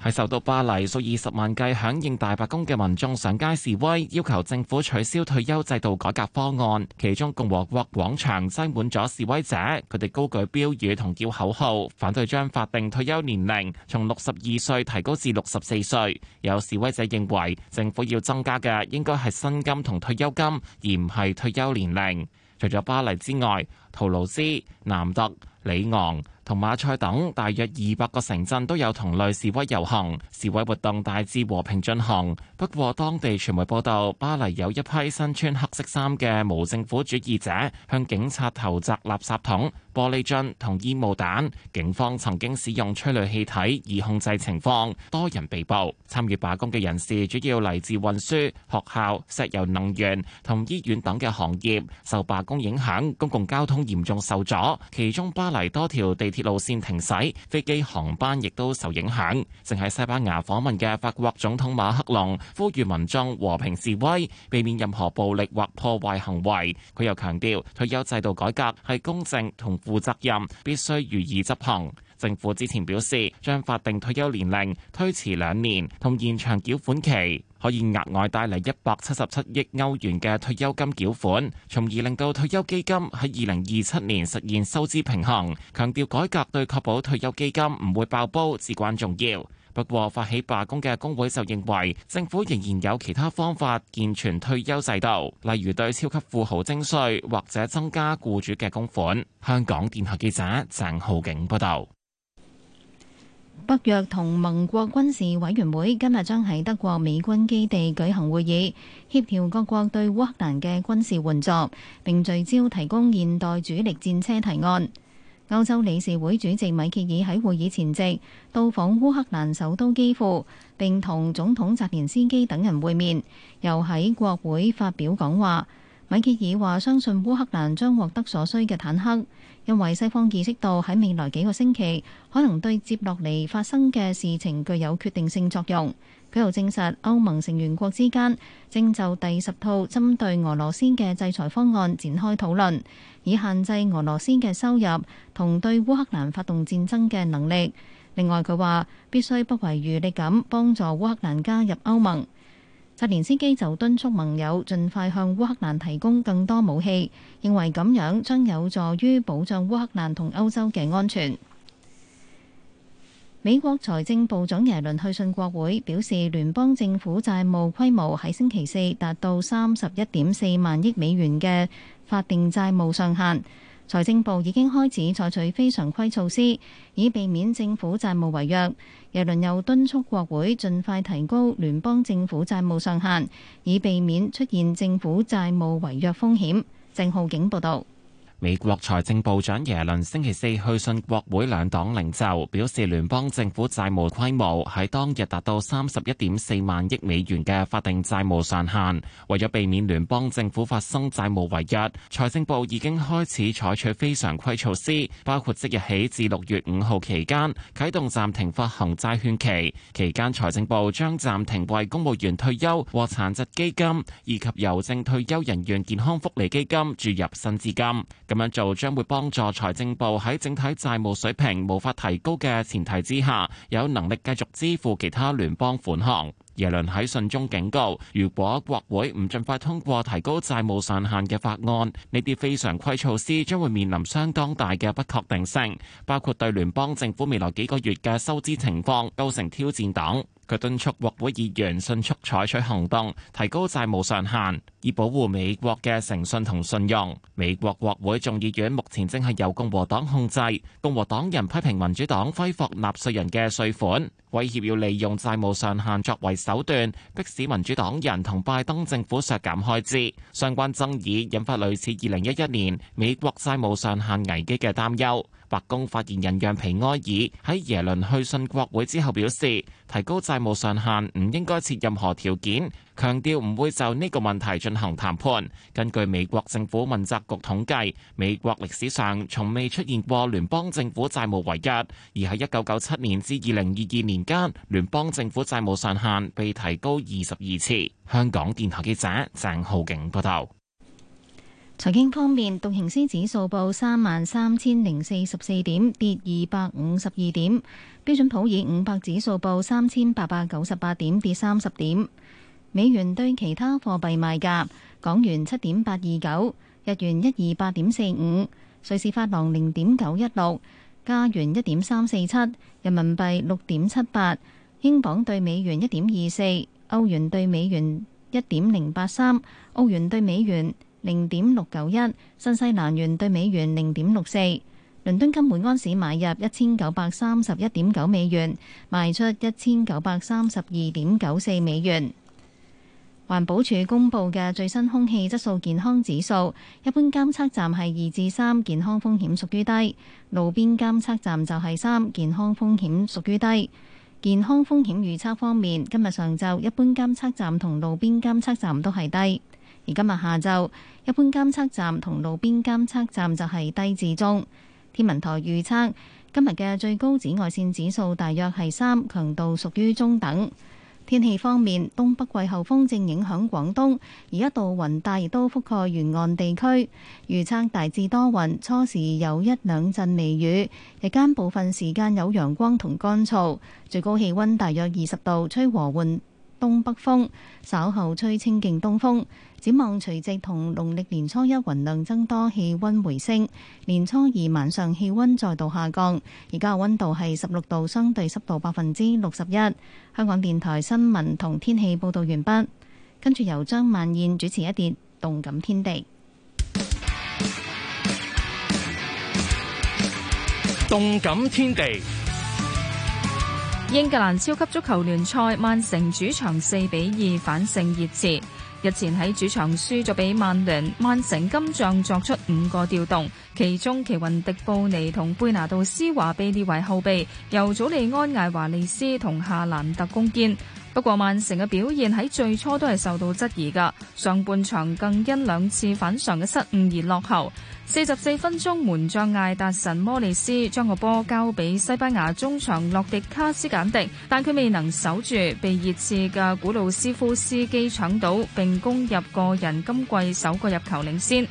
喺受到巴黎數以十萬計響應大罷工嘅民眾上街示威，要求政府取消退休制度改革方案。其中共和國廣場擠滿咗示威者，佢哋高舉標語同叫口號，反對將法定退休年齡從六十二歲提高至六十四歲。有示威者認為，政府要增加嘅應該係薪金同退休金，而唔係退休年齡。除咗巴黎之外，圖盧茲、南特、里昂，同馬賽等大約二百個城鎮都有同類示威遊行，示威活動大致和平進行。不過，當地傳媒報道，巴黎有一批身穿黑色衫嘅無政府主義者向警察投擲垃圾桶、玻璃樽同煙霧彈，警方曾經使用催淚氣體以控制情況，多人被捕。參與罷工嘅人士主要嚟自運輸、學校、石油能源同醫院等嘅行業。受罷工影響，公共交通嚴重受阻，其中巴黎多條地鐵路線停駛，飛機航班亦都受影響。正喺西班牙訪問嘅法國總統馬克龍呼籲民眾和平示威，避免任何暴力或破壞行為。佢又強調退休制度改革係公正同負責任必須予以執行。政府之前表示，將法定退休年齡推遲兩年，同延長繳款期，可以額外帶嚟一百七十七億歐元嘅退休金繳款，從而令到退休基金喺二零二七年實現收支平衡。強調改革對確保退休基金唔會爆煲至關重要。不過，發起罷工嘅工會就認為，政府仍然有其他方法健全退休制度，例如對超級富豪徵稅或者增加僱主嘅供款。香港電台記者鄭浩景報道。北約同盟國軍事委員會今日將喺德國美軍基地舉行會議，協調各國對烏克蘭嘅軍事援助，並聚焦提供現代主力戰車提案。歐洲理事會主席米歇爾喺會議前夕到訪烏克蘭首都基輔，並同總統澤連斯基等人會面，又喺國會發表講話。米歇爾話：相信烏克蘭將獲得所需嘅坦克，因為西方意識到喺未來幾個星期，可能對接落嚟發生嘅事情具有決定性作用。佢又證實，歐盟成員國之間正就第十套針對俄羅斯嘅制裁方案展開討論，以限制俄羅斯嘅收入同對烏克蘭發動戰爭嘅能力。另外，佢話必須不遺餘力咁幫助烏克蘭加入歐盟。澤連斯基就敦促盟友盡快向烏克蘭提供更多武器，認為咁樣將有助於保障烏克蘭同歐洲嘅安全。美國財政部長耶倫去信國會，表示聯邦政府債務規模喺星期四達到三十一點四萬億美元嘅法定債務上限。財政部已經開始採取非常規措施，以避免政府債務違約。耶倫又敦促國會盡快提高聯邦政府債務上限，以避免出現政府債務違約風險。鄭浩景報導。美國財政部長耶倫星期四去信國會兩黨領袖，表示聯邦政府債務規模喺當日達到三十一點四萬億美元嘅法定債務上限。為咗避免聯邦政府發生債務違約，財政部已經開始採取非常規措施，包括即日起至六月五號期間啟動暫停發行債券期，期間財政部將暫停為公務員退休或殘疾基金以及郵政退休人員健康福利基金注入新資金。咁樣做將會幫助財政部喺整體債務水平無法提高嘅前提之下，有能力繼續支付其他聯邦款項。耶倫喺信中警告，如果國會唔盡快通過提高債務上限嘅法案，呢啲非常規措施將會面臨相當大嘅不確定性，包括對聯邦政府未來幾個月嘅收支情況構成挑戰等。佢敦促國會議員迅速採取行動，提高債務上限，以保護美國嘅誠信同信用。美國國會眾議院目前正係由共和黨控制，共和黨人批評民主黨揮霍納稅人嘅稅款，威脅要利用債務上限作為手段，迫使民主黨人同拜登政府削減開支。相關爭議引發類似二零一一年美國債務上限危機嘅擔憂。白宮發言人讓皮埃爾喺耶倫去信國會之後表示，提高債務上限唔應該設任何條件，強調唔會就呢個問題進行談判。根據美國政府問責局統計，美國歷史上從未出現過聯邦政府債務違約，而喺一九九七年至二零二二年間，聯邦政府債務上限被提高二十二次。香港電台記者鄭浩景報道。財經方面，道瓊斯指數報三萬三千零四十四點，跌二百五十二點。標準普爾五百指數報三千八百九十八點，跌三十點。美元對其他貨幣賣價：港元七點八二九，日元一二八點四五，瑞士法郎零點九一六，加元一點三四七，人民幣六點七八，英鎊對美元一點二四，歐元對美元一點零八三，歐元對美元零點六九一，91，新西蘭元對美元零點六四，倫敦金每安士買入一千九百三十一點九美元，賣出一千九百三十二點九四美元。環保署公布嘅最新空氣質素健康指數，一般監測站係二至三，健康風險屬於低；路邊監測站就係三，健康風險屬於低。健康風險預測方面，今日上晝一般監測站同路邊監測站都係低。而今日下晝一般監測站同路邊監測站就係低至中。天文台預測今日嘅最高紫外線指數大約係三，強度屬於中等。天氣方面，東北季候風正影響廣東，而一道雲帶亦都覆蓋沿、沿岸地區。預測大致多雲，初時有一兩陣微雨，日間部分時間有陽光同乾燥。最高氣溫大約二十度，吹和緩東北風，稍後吹清勁東風。展望除夕同農曆年初一，雲量增多，氣温回升；年初二晚上氣温再度下降。而家嘅温度係十六度，相對濕度百分之六十一。香港電台新聞同天氣報道完畢，跟住由張曼燕主持一節動感天地。動感天地。天地英格蘭超級足球聯賽，曼城主場四比二反勝熱刺。日前喺主場輸咗俾曼聯，曼城今仗作出五個調動，其中奇雲迪布尼同貝拿度斯華被列為後備，由祖利安艾華利斯同夏蘭特攻堅。不過曼城嘅表現喺最初都係受到質疑㗎，上半場更因兩次反常嘅失誤而落後。四十四分鐘，門將艾達神摩利斯將個波交俾西班牙中場洛迪卡斯簡迪，但佢未能守住，被熱刺嘅古魯斯夫斯基搶到，並攻入個人今季首個入球，領先。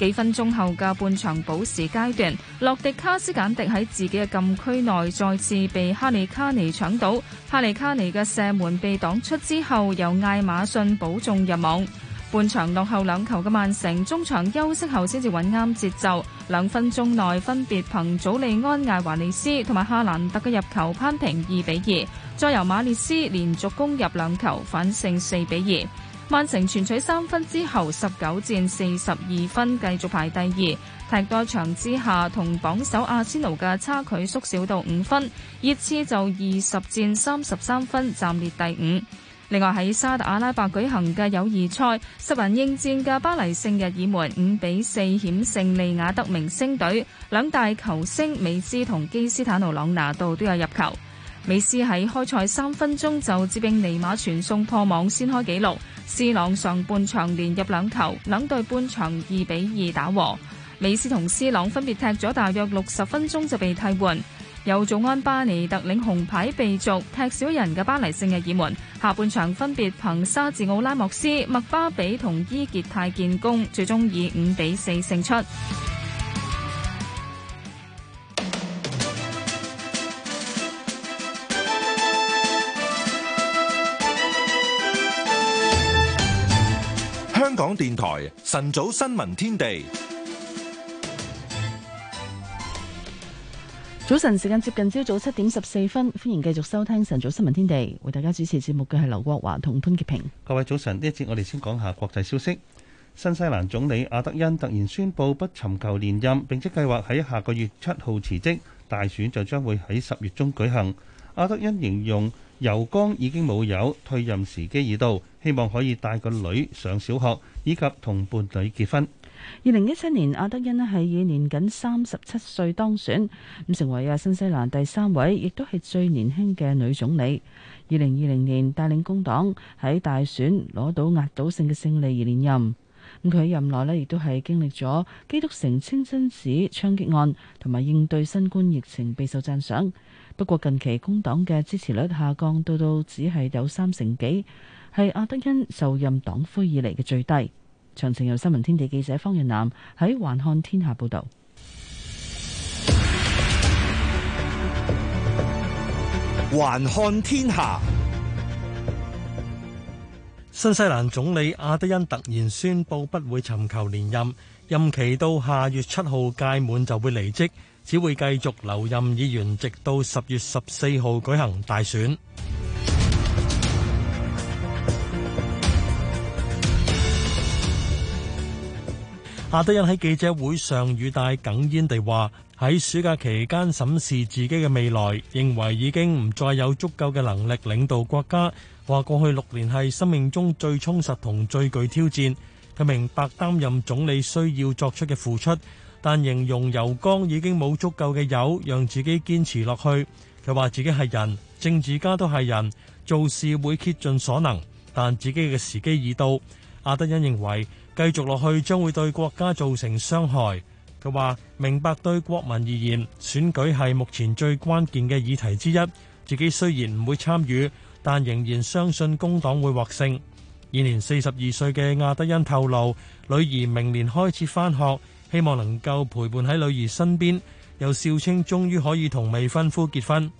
幾分鐘後嘅半場補時階段，洛迪卡斯簡迪喺自己嘅禁區內再次被哈利卡尼搶到，哈利卡尼嘅射門被擋出之後，由艾馬遜補中入網。半場落後兩球嘅曼城，中場休息後先至穩啱節奏，兩分鐘內分別憑祖利安艾華利斯同埋哈蘭德嘅入球攀平二比二，再由馬列斯連續攻入兩球，反勝四比二。曼城全取三分之後，十九戰四十二分，繼續排第二。踢多場之下，同榜首阿仙奴嘅差距縮小到五分，熱刺就二十戰三十三分，暫列第五。另外喺沙特阿拉伯舉行嘅友誼賽，十人應戰嘅巴黎聖日耳門五比四險勝利雅德明星隊，兩大球星美斯同基斯坦奴朗拿度都，都有入球。美斯喺開賽三分鐘就接兵尼馬傳送破網先開紀錄，斯朗上半場連入兩球，兩隊半場二比二打和。美斯同斯朗分別踢咗大約六十分鐘就被替換。由祖安巴尼特領紅牌被逐，踢少人嘅巴黎聖日耳門。下半場分別憑沙治奧拉莫斯、麥巴比同伊杰泰建功，最終以五比四勝出。香港電台晨早新聞天地。早晨時間接近朝早七點十四分，歡迎繼續收聽晨早新聞天地。為大家主持節目嘅係劉國華同潘潔平。各位早晨，呢一節我哋先講下國際消息。新西蘭總理阿德恩突然宣布不尋求連任，並且計劃喺下個月七號辭職，大選就將會喺十月中舉行。阿德恩形容油缸已經冇油，退任時機已到，希望可以帶個女上小學，以及同伴侶結婚。二零一七年，阿德恩呢係以年僅三十七歲當選，咁成為啊新西蘭第三位，亦都係最年輕嘅女總理。二零二零年帶領工黨喺大選攞到壓倒性嘅勝利而連任。咁佢喺任內呢，亦都係經歷咗基督城清真寺槍擊案，同埋應對新冠疫情備受讚賞。不過近期工黨嘅支持率下降到到只係有三成幾，係阿德恩受任黨魁以嚟嘅最低。詳情由新聞天地記者方潤南喺《環看天下》報道。《環看天下》，新西蘭總理阿德恩突然宣布不會尋求連任，任期到下月七號屆滿就會離職，只會繼續留任議員，直到十月十四號舉行大選。阿德恩喺記者會上語帶哽咽地話，喺暑假期間審視自己嘅未來，認為已經唔再有足夠嘅能力領導國家。話過去六年係生命中最充實同最具挑戰，佢明白擔任總理需要作出嘅付出，但形容油缸已經冇足夠嘅油，讓自己堅持落去。佢話自己係人，政治家都係人，做事會竭盡所能，但自己嘅時機已到。阿德恩認為，繼續落去將會對國家造成傷害。佢話明白對國民而言，選舉係目前最關鍵嘅議題之一。自己雖然唔會參與，但仍然相信工黨會獲勝。現年四十二歲嘅亞德恩透露，女兒明年開始返學，希望能夠陪伴喺女兒身邊。又笑稱終於可以同未婚夫結婚。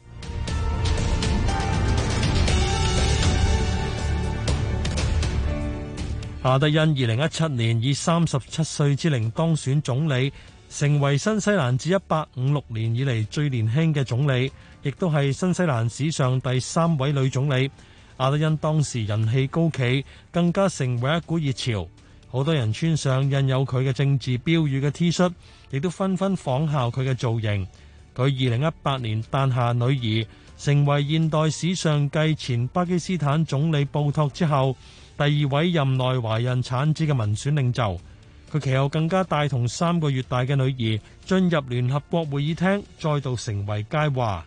阿德恩二零一七年以三十七歲之齡當選總理，成為新西蘭自一八五六年以嚟最年輕嘅總理，亦都係新西蘭史上第三位女總理。阿德恩當時人氣高企，更加成為一股熱潮，好多人穿上印有佢嘅政治標語嘅 T 恤，亦都紛紛仿效佢嘅造型。佢二零一八年誕下女兒，成為現代史上繼前巴基斯坦總理布托之後。第二位任內懷孕產子嘅民選領袖，佢其後更加帶同三個月大嘅女兒進入聯合國會議廳，再度成為佳話。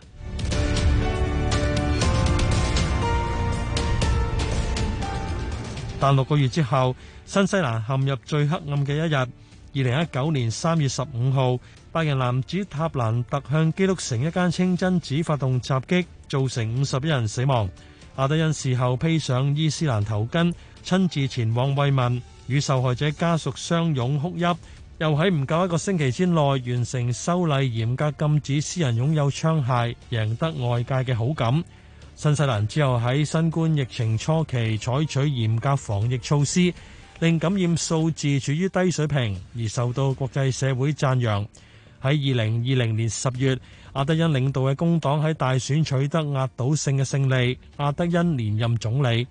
但六個月之後，新西蘭陷入最黑暗嘅一日。二零一九年三月十五號，白人男子塔蘭特向基督城一間清真寺發動襲擊，造成五十一人死亡。阿德恩事後披上伊斯蘭頭巾，親自前往慰問，與受害者家屬相擁哭泣。又喺唔夠一個星期之內完成修例，嚴格禁止私人擁有槍械，贏得外界嘅好感。新西蘭之後喺新冠疫情初期採取嚴格防疫措施，令感染數字處於低水平，而受到國際社會讚揚。喺二零二零年十月，阿德恩領導嘅工黨喺大選取得壓倒性嘅勝利，阿德恩連任總理。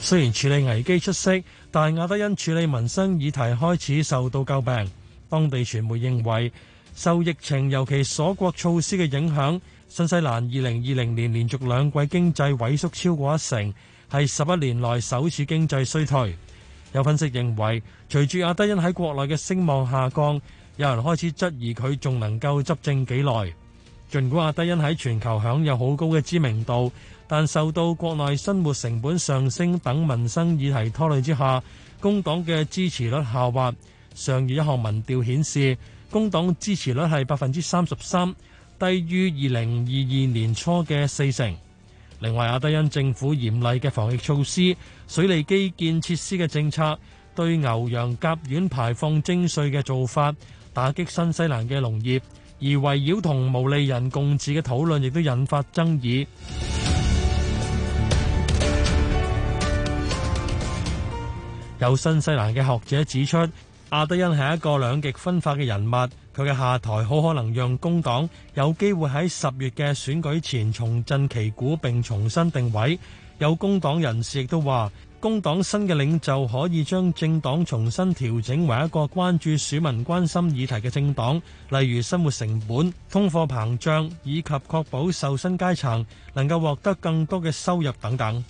雖然處理危機出色，但阿德恩處理民生議題開始受到詬病。當地傳媒認為，受疫情尤其鎖國措施嘅影響，新西蘭二零二零年連續兩季經濟萎縮超過一成，係十一年來首次經濟衰退。有分析認為，隨住阿德恩喺國內嘅聲望下降，有人開始質疑佢仲能夠執政幾耐。儘管阿德恩喺全球享有好高嘅知名度，但受到國內生活成本上升等民生議題拖累之下，工黨嘅支持率下滑。上月一項民調顯示，工黨支持率係百分之三十三，低於二零二二年初嘅四成。另外，阿德恩政府嚴厲嘅防疫措施、水利基建設施嘅政策、對牛羊甲烷排放徵稅嘅做法，打擊新西蘭嘅農業，而圍繞同毛利人共治嘅討論，亦都引發爭議。 有新西蘭嘅學者指出，阿德恩係一個兩極分化嘅人物。佢嘅下台好可能讓工黨有機會喺十月嘅選舉前重振旗鼓並重新定位。有工黨人士亦都話，工黨新嘅領袖可以將政黨重新調整為一個關注市民關心議題嘅政黨，例如生活成本、通貨膨脹以及確保受薪階層能夠獲得更多嘅收入等等。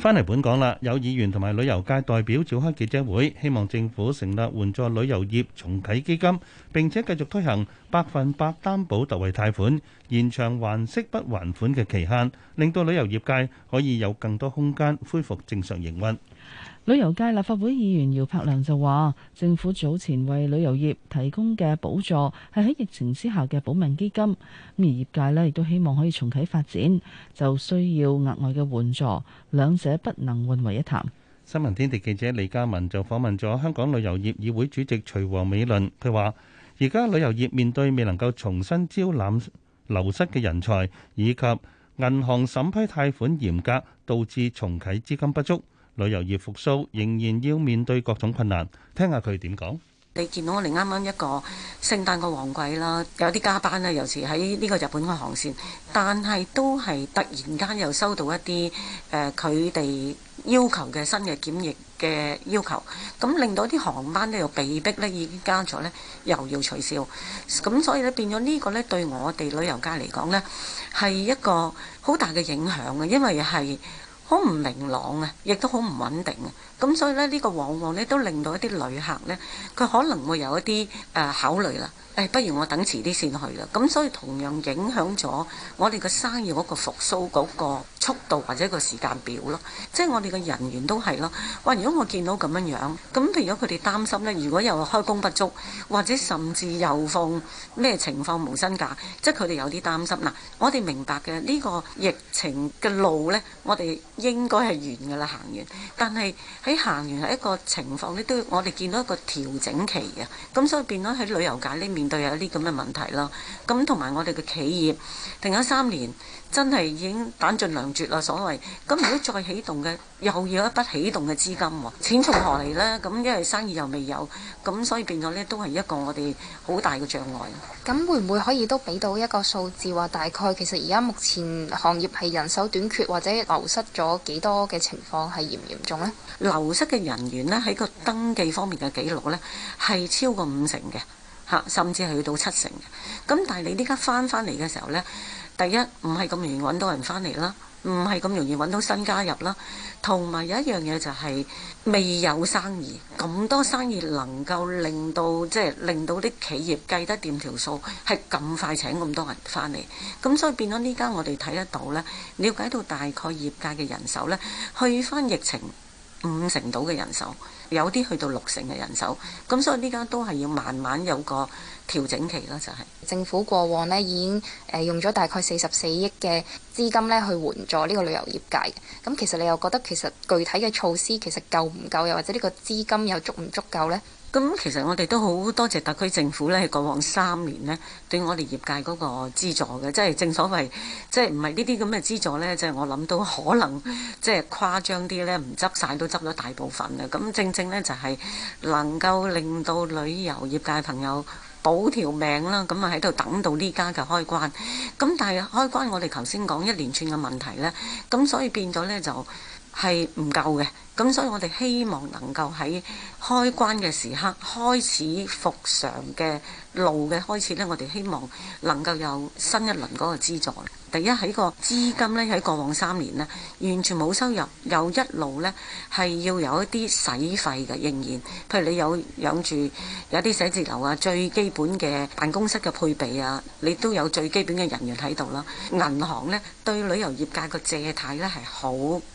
翻嚟本港啦，有議員同埋旅遊界代表召開記者會，希望政府成立援助旅遊業重啟基金，並且繼續推行百分百擔保特惠貸款，延長還息不還款嘅期限，令到旅遊業界可以有更多空間恢復正常營運。旅遊界立法會議員姚柏良就話：政府早前為旅遊業提供嘅補助係喺疫情之下嘅保命基金，而業界呢亦都希望可以重啟發展，就需要額外嘅援助，兩者不能混為一談。新聞天地記者李家文就訪問咗香港旅遊業議會主席徐王美倫，佢話：而家旅遊業面對未能夠重新招攬流失嘅人才，以及銀行審批貸款嚴格，導致重啟資金不足。旅遊業復甦仍然要面對各種困難，聽下佢點講。你見到我哋啱啱一個聖誕個旺季啦，有啲加班咧，尤其喺呢個日本嘅航線，但係都係突然間又收到一啲誒佢哋要求嘅新嘅檢疫嘅要求，咁令到啲航班呢又被逼咧已經加咗咧又要取消，咁所以咧變咗呢個咧對我哋旅遊界嚟講咧係一個好大嘅影響呀，因為係。好唔明朗啊，亦都好唔穩定啊。咁所以咧，呢個往往咧都令到一啲旅客咧，佢可能會有一啲誒、呃、考慮啦。誒、哎，不如我等遲啲先去啦。咁所以同樣影響咗我哋個生意嗰個復甦嗰個速度或者個時間表咯。即、就、係、是、我哋個人員都係咯。哇！如果我見到咁樣樣，咁譬如果佢哋擔心咧，如果又開工不足，或者甚至又放咩情況無薪假，即係佢哋有啲擔心。嗱，我哋明白嘅呢、這個疫情嘅路咧，我哋應該係完噶啦，行完。但係。喺行完係一個情況咧，都我哋見到一個調整期啊，咁所以變咗喺旅遊界呢，面對有一啲咁嘅問題咯，咁同埋我哋嘅企業停咗三年。真係已經彈盡糧絕啦，所謂咁。如果再起動嘅，又要有一筆起動嘅資金喎，錢從何嚟呢？咁因為生意又未有，咁所以變咗呢都係一個我哋好大嘅障礙。咁會唔會可以都俾到一個數字，話大概其實而家目前行業係人手短缺，或者流失咗幾多嘅情況係嚴唔嚴重呢？流失嘅人員呢，喺個登記方面嘅記錄呢，係超過五成嘅嚇，甚至係去到七成嘅。咁但係你呢家翻翻嚟嘅時候呢。第一唔係咁容易揾到人翻嚟啦，唔係咁容易揾到新加入啦，同埋有一樣嘢就係、是、未有生意，咁多生意能夠令到即係、就是、令到啲企業計得掂條數，係咁快請咁多人翻嚟，咁所以變咗呢間我哋睇得到呢，了解到大概業界嘅人手呢，去翻疫情五成到嘅人手，有啲去到六成嘅人手，咁所以呢間都係要慢慢有個。調整期啦，就係政府過往呢已經誒用咗大概四十四億嘅資金咧去援助呢個旅遊業界。咁其實你又覺得其實具體嘅措施其實夠唔夠又，又或者呢個資金又足唔足夠呢？咁，嗯，其實我哋都好多謝特區政府咧，係過往三年呢對我哋業界嗰個資助嘅，即係正所謂即係唔係呢啲咁嘅資助呢？即係我諗到可能即係誇張啲呢，唔執晒都執咗大部分啦。咁正正呢，就係能夠令到旅遊業界嘅朋友。保條命啦，咁啊喺度等到呢家嘅開關，咁但係開關我哋頭先講一連串嘅問題呢，咁所以變咗呢就係唔夠嘅，咁所以我哋希望能夠喺開關嘅時刻開始復常嘅路嘅開始呢，我哋希望能夠有新一輪嗰個資助。第一喺個資金咧，喺過往三年咧完全冇收入，又一路咧係要有一啲使費嘅，仍然譬如你有養住有啲寫字樓啊，最基本嘅辦公室嘅配備啊，你都有最基本嘅人員喺度啦。銀行咧對旅遊業界個借貸咧係好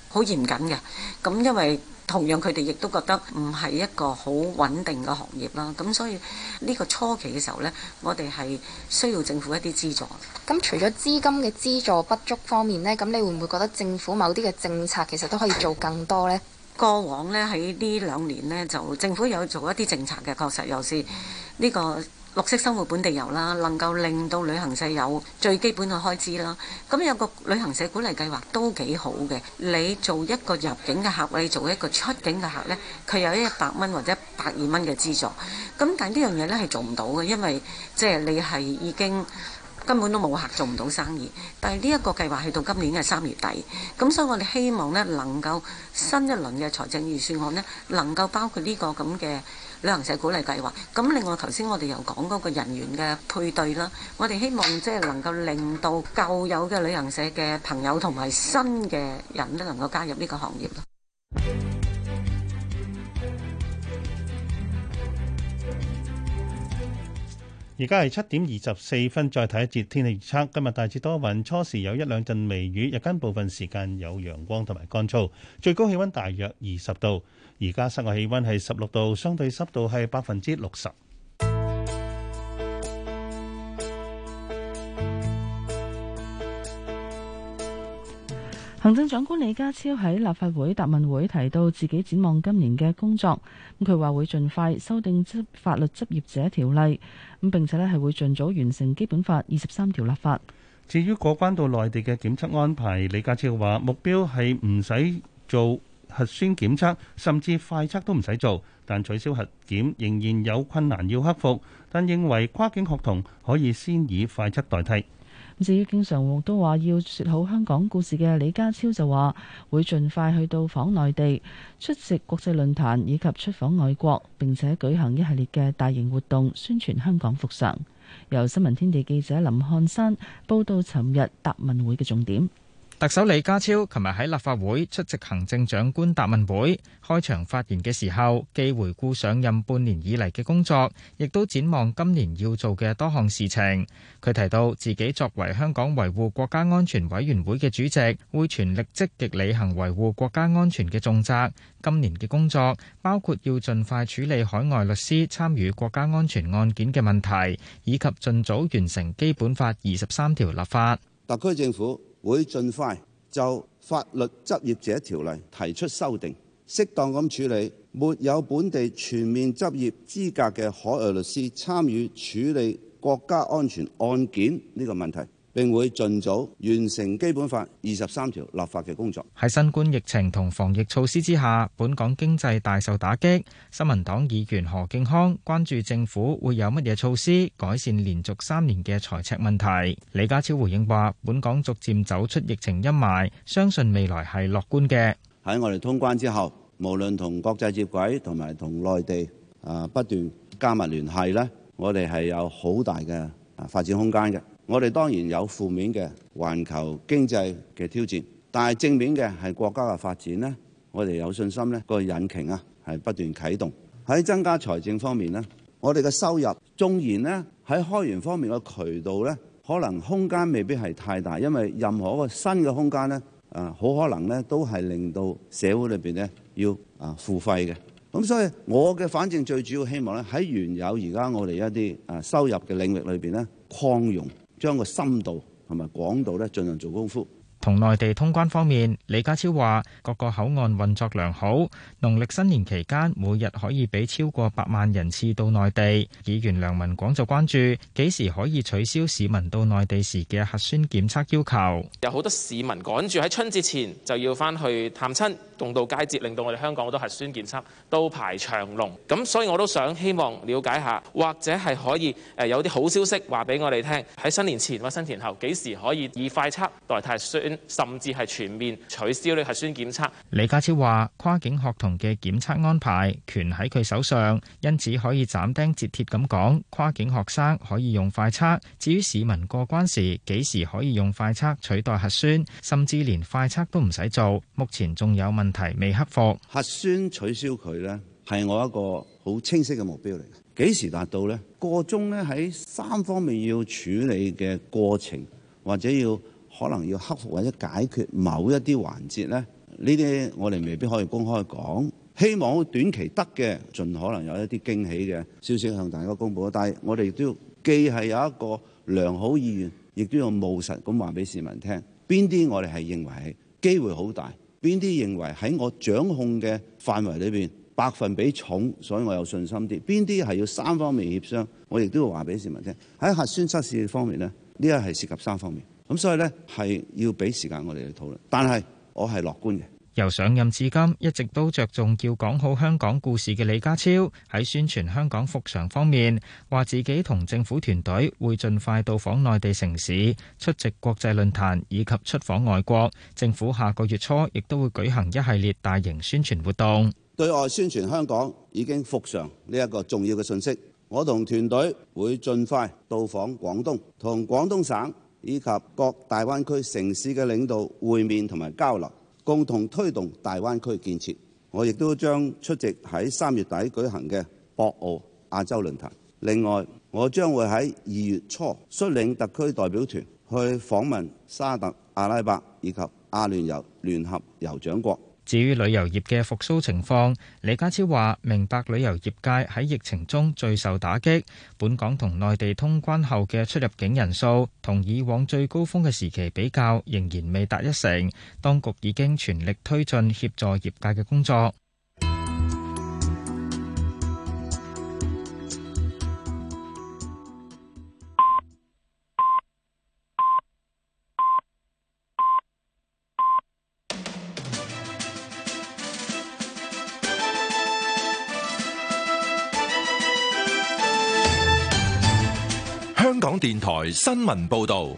好嚴謹嘅，咁因為。同樣佢哋亦都覺得唔係一個好穩定嘅行業啦，咁所以呢個初期嘅時候呢，我哋係需要政府一啲資助。咁除咗資金嘅資助不足方面呢，咁你會唔會覺得政府某啲嘅政策其實都可以做更多呢？過往呢，喺呢兩年呢，就政府有做一啲政策嘅，確實又是呢個。綠色生活、本地遊啦，能夠令到旅行社有最基本嘅開支啦。咁有個旅行社鼓勵計劃都幾好嘅。你做一個入境嘅客，或者你做一個出境嘅客呢，佢有一百蚊或者百二蚊嘅資助。咁但係呢樣嘢呢係做唔到嘅，因為即係你係已經根本都冇客，做唔到生意。但係呢一個計劃去到今年嘅三月底，咁所以我哋希望呢能夠新一輪嘅財政預算案呢，能夠包括呢個咁嘅旅行社鼓勵計劃，咁另外頭先我哋又講嗰個人員嘅配對啦，我哋希望即係能夠令到舊有嘅旅行社嘅朋友同埋新嘅人都能夠加入呢個行業咯。而家係七點二十四分，再睇一節天氣預測。今日大致多雲，初時有一兩陣微雨，日間部分時間有陽光同埋乾燥，最高氣温大約二十度。而家室外氣温係十六度，相對濕度係百分之六十。行政長官李家超喺立法會答問會提到自己展望今年嘅工作，咁佢話會盡快修訂執法律執業者條例，咁並且咧係會盡早完成基本法二十三條立法。至於過關到內地嘅檢測安排，李家超話目標係唔使做。核酸檢測甚至快測都唔使做，但取消核檢仍然有困難要克服。但認為跨境學童可以先以快測代替。至於經常都話要說好香港故事嘅李家超就話會盡快去到訪內地出席國際論壇以及出訪外國，並且舉行一系列嘅大型活動宣傳香港復常。由新聞天地記者林漢山報道，尋日答問會嘅重點。特首李家超琴日喺立法會出席行政長官答問會開場發言嘅時候，既回顧上任半年以嚟嘅工作，亦都展望今年要做嘅多項事情。佢提到自己作為香港維護國家安全委員會嘅主席，會全力積極履行維護國家安全嘅重責。今年嘅工作包括要盡快處理海外律師參與國家安全案件嘅問題，以及盡早完成基本法二十三條立法。特區政府會盡快就法律執業者條例提出修訂，適當咁處理，沒有本地全面執業資格嘅海外律師參與處理國家安全案件呢個問題。並會盡早完成基本法二十三條立法嘅工作。喺新冠疫情同防疫措施之下，本港經濟大受打擊。新民黨議員何敬康關注政府會有乜嘢措施改善連續三年嘅財赤問題。李家超回應話，本港逐漸走出疫情陰霾，相信未來係樂觀嘅。喺我哋通關之後，無論同國際接軌同埋同內地啊不斷加密聯繫呢，我哋係有好大嘅啊發展空間嘅。我哋當然有負面嘅環球經濟嘅挑戰，但係正面嘅係國家嘅發展呢，我哋有信心呢個引擎啊係不斷啟動。喺增加財政方面呢，我哋嘅收入縱然呢，喺開源方面嘅渠道呢，可能空間未必係太大，因為任何一個新嘅空間呢，啊好可能呢都係令到社會裏邊呢要啊付費嘅。咁所以我嘅反正最主要希望呢，喺原有而家我哋一啲啊收入嘅領域裏邊呢，擴容。將個深度同埋廣度咧，盡量做功夫。同內地通關方面，李家超話：各個口岸運作良好，農曆新年期間每日可以俾超過百萬人次到內地。議員梁文廣就關注幾時可以取消市民到內地時嘅核酸檢測要求。有好多市民趕住喺春節前就要翻去探親，共度佳節，令到我哋香港好多核酸檢測都排長龍。咁所以我都想希望了解下，或者係可以誒有啲好消息話俾我哋聽，喺新年前或新年後幾時可以以快測代替？甚至係全面取消呢核酸檢測。李家超話：跨境學童嘅檢測安排權喺佢手上，因此可以斬釘截鐵咁講，跨境學生可以用快測。至於市民過關時幾時可以用快測取代核酸，甚至連快測都唔使做，目前仲有問題未克服。核酸取消佢呢，係我一個好清晰嘅目標嚟嘅。幾時達到呢？個中呢喺三方面要處理嘅過程，或者要，可能要克服或者解決某一啲環節咧，呢啲我哋未必可以公開講，希望短期得嘅，盡可能有一啲驚喜嘅消息向大家公布。但係我哋亦都既係有一個良好意願，亦都要務實咁話俾市民聽，邊啲我哋係認為係機會好大，邊啲認為喺我掌控嘅範圍裏邊百分比重，所以我有信心啲。邊啲係要三方面協商，我亦都要話俾市民聽，喺核酸測試方面咧，呢一係涉及三方面。咁所以呢，係要俾時間我哋去討論。但係我係樂觀嘅。由上任至今，一直都着重要講好香港故事嘅李家超喺宣傳香港復常方面，話自己同政府團隊會盡快到訪內地城市，出席國際論壇以及出訪外國。政府下個月初亦都會舉行一系列大型宣傳活動，對外宣傳香港已經復常呢一個重要嘅信息。我同團隊會盡快到訪廣東同廣東省以及各大灣區城市嘅領導會面同埋交流，共同推動大灣區建設，我亦都將出席喺三月底舉行嘅博鰲亞洲論壇。另外，我將會喺二月初率領特區代表團去訪問沙特阿拉伯以及阿聯酋聯合酋長國。至於旅遊業嘅復甦情況，李家超話：明白旅遊業界喺疫情中最受打擊，本港同內地通關後嘅出入境人數同以往最高峰嘅時期比較，仍然未達一成。當局已經全力推進協助業界嘅工作。港電台新聞報道，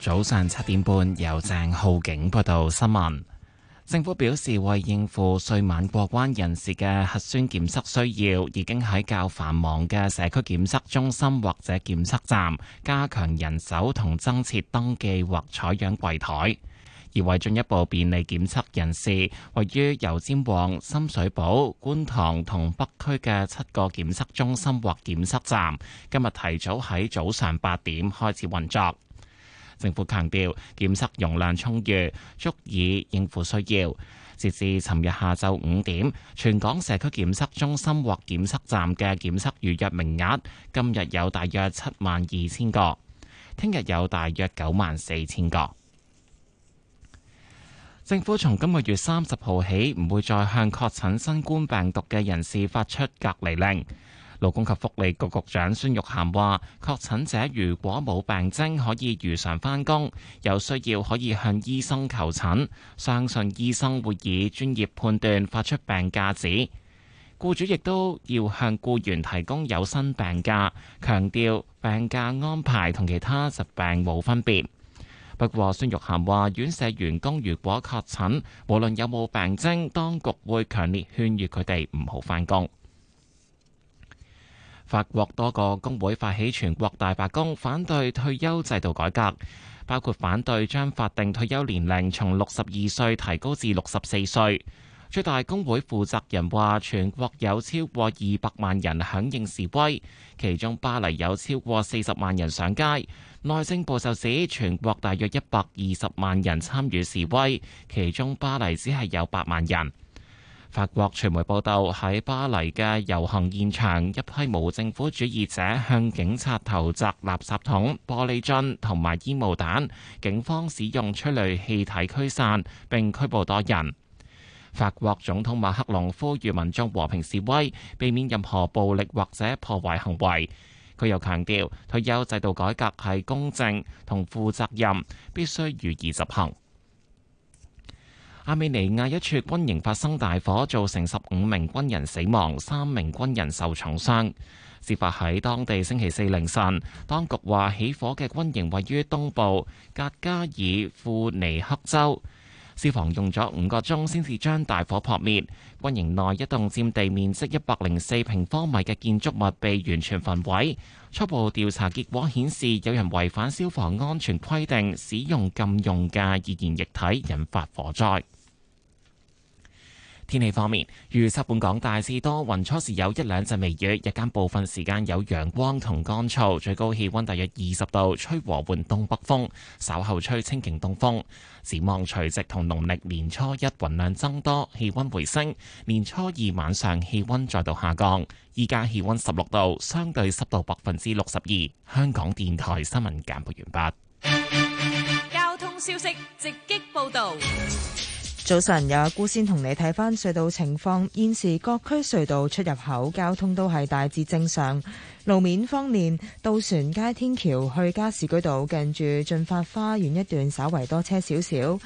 早上七點半由鄭浩景報道新聞。政府表示，為應付歲晚過關人士嘅核酸檢測需要，已經喺較繁忙嘅社區檢測中心或者檢測站加強人手同增設登記或採樣櫃台而為進一步便利檢測人士，位於油尖旺、深水埗、觀塘同北區嘅七個檢測中心或檢測站，今日提早喺早上八點開始運作。政府強調檢測容量充裕，足以應付需要。截至尋日下晝五點，全港社區檢測中心或檢測站嘅檢測預約名額，今日有大約七萬二千個，聽日有大約九萬四千個。政府從今個月三十號起，唔會再向確診新冠病毒嘅人士發出隔離令。勞工及福利局局長孫玉涵話，確診者如果冇病徵，可以如常返工，有需要可以向醫生求診，相信醫生會以專業判斷發出病假紙。雇主亦都要向雇員提供有薪病假，強調病假安排同其他疾病冇分別。不過，孫玉菡話：院舍員工如果確診，無論有冇病徵，當局會強烈勸喻佢哋唔好返工。法國多個工會發起全國大罷工，反對退休制度改革，包括反對將法定退休年齡從六十二歲提高至六十四歲。最大工會負責人話：全國有超過二百萬人響應示威，其中巴黎有超過四十萬人上街。內政部就指，全國大約一百二十萬人參與示威，其中巴黎只係有八萬人。法國傳媒報道，喺巴黎嘅遊行現場，一批無政府主義者向警察投擲垃圾桶、玻璃樽同埋煙霧彈，警方使用催淚氣體驅散並拘捕多人。法國總統馬克龍呼籲民眾和平示威，避免任何暴力或者破壞行為。佢又強調退休制度改革係公正同負責任，必須如儀執行。亞美尼亞一處軍營發生大火，造成十五名軍人死亡，三名軍人受重傷。事發喺當地星期四凌晨，當局話起火嘅軍營位於東部格加爾庫尼克州，消防用咗五個鐘先至將大火撲滅。軍營內一棟佔地面積一百零四平方米嘅建築物被完全焚毀。初步調查結果顯示，有人違反消防安全規定，使用禁用嘅易燃液體，引發火災。天氣方面，預測本港大致多雲，雲初時有一兩陣微雨，日間部分時間有陽光同乾燥，最高氣溫大約二十度，吹和緩東北風，稍後吹清勁東風。展望除夕同農曆年初一，雲量增多，氣溫回升；年初二晚上氣溫再度下降。依家氣溫十六度，相對濕度百分之六十二。香港電台新聞簡報完畢。交通消息直擊報道。早晨，有阿姑先同你睇翻隧道情況。現時各區隧道出入口交通都係大致正常。路面方面，渡船街天橋去加士居道近住駿發花園一段，稍為多車少少。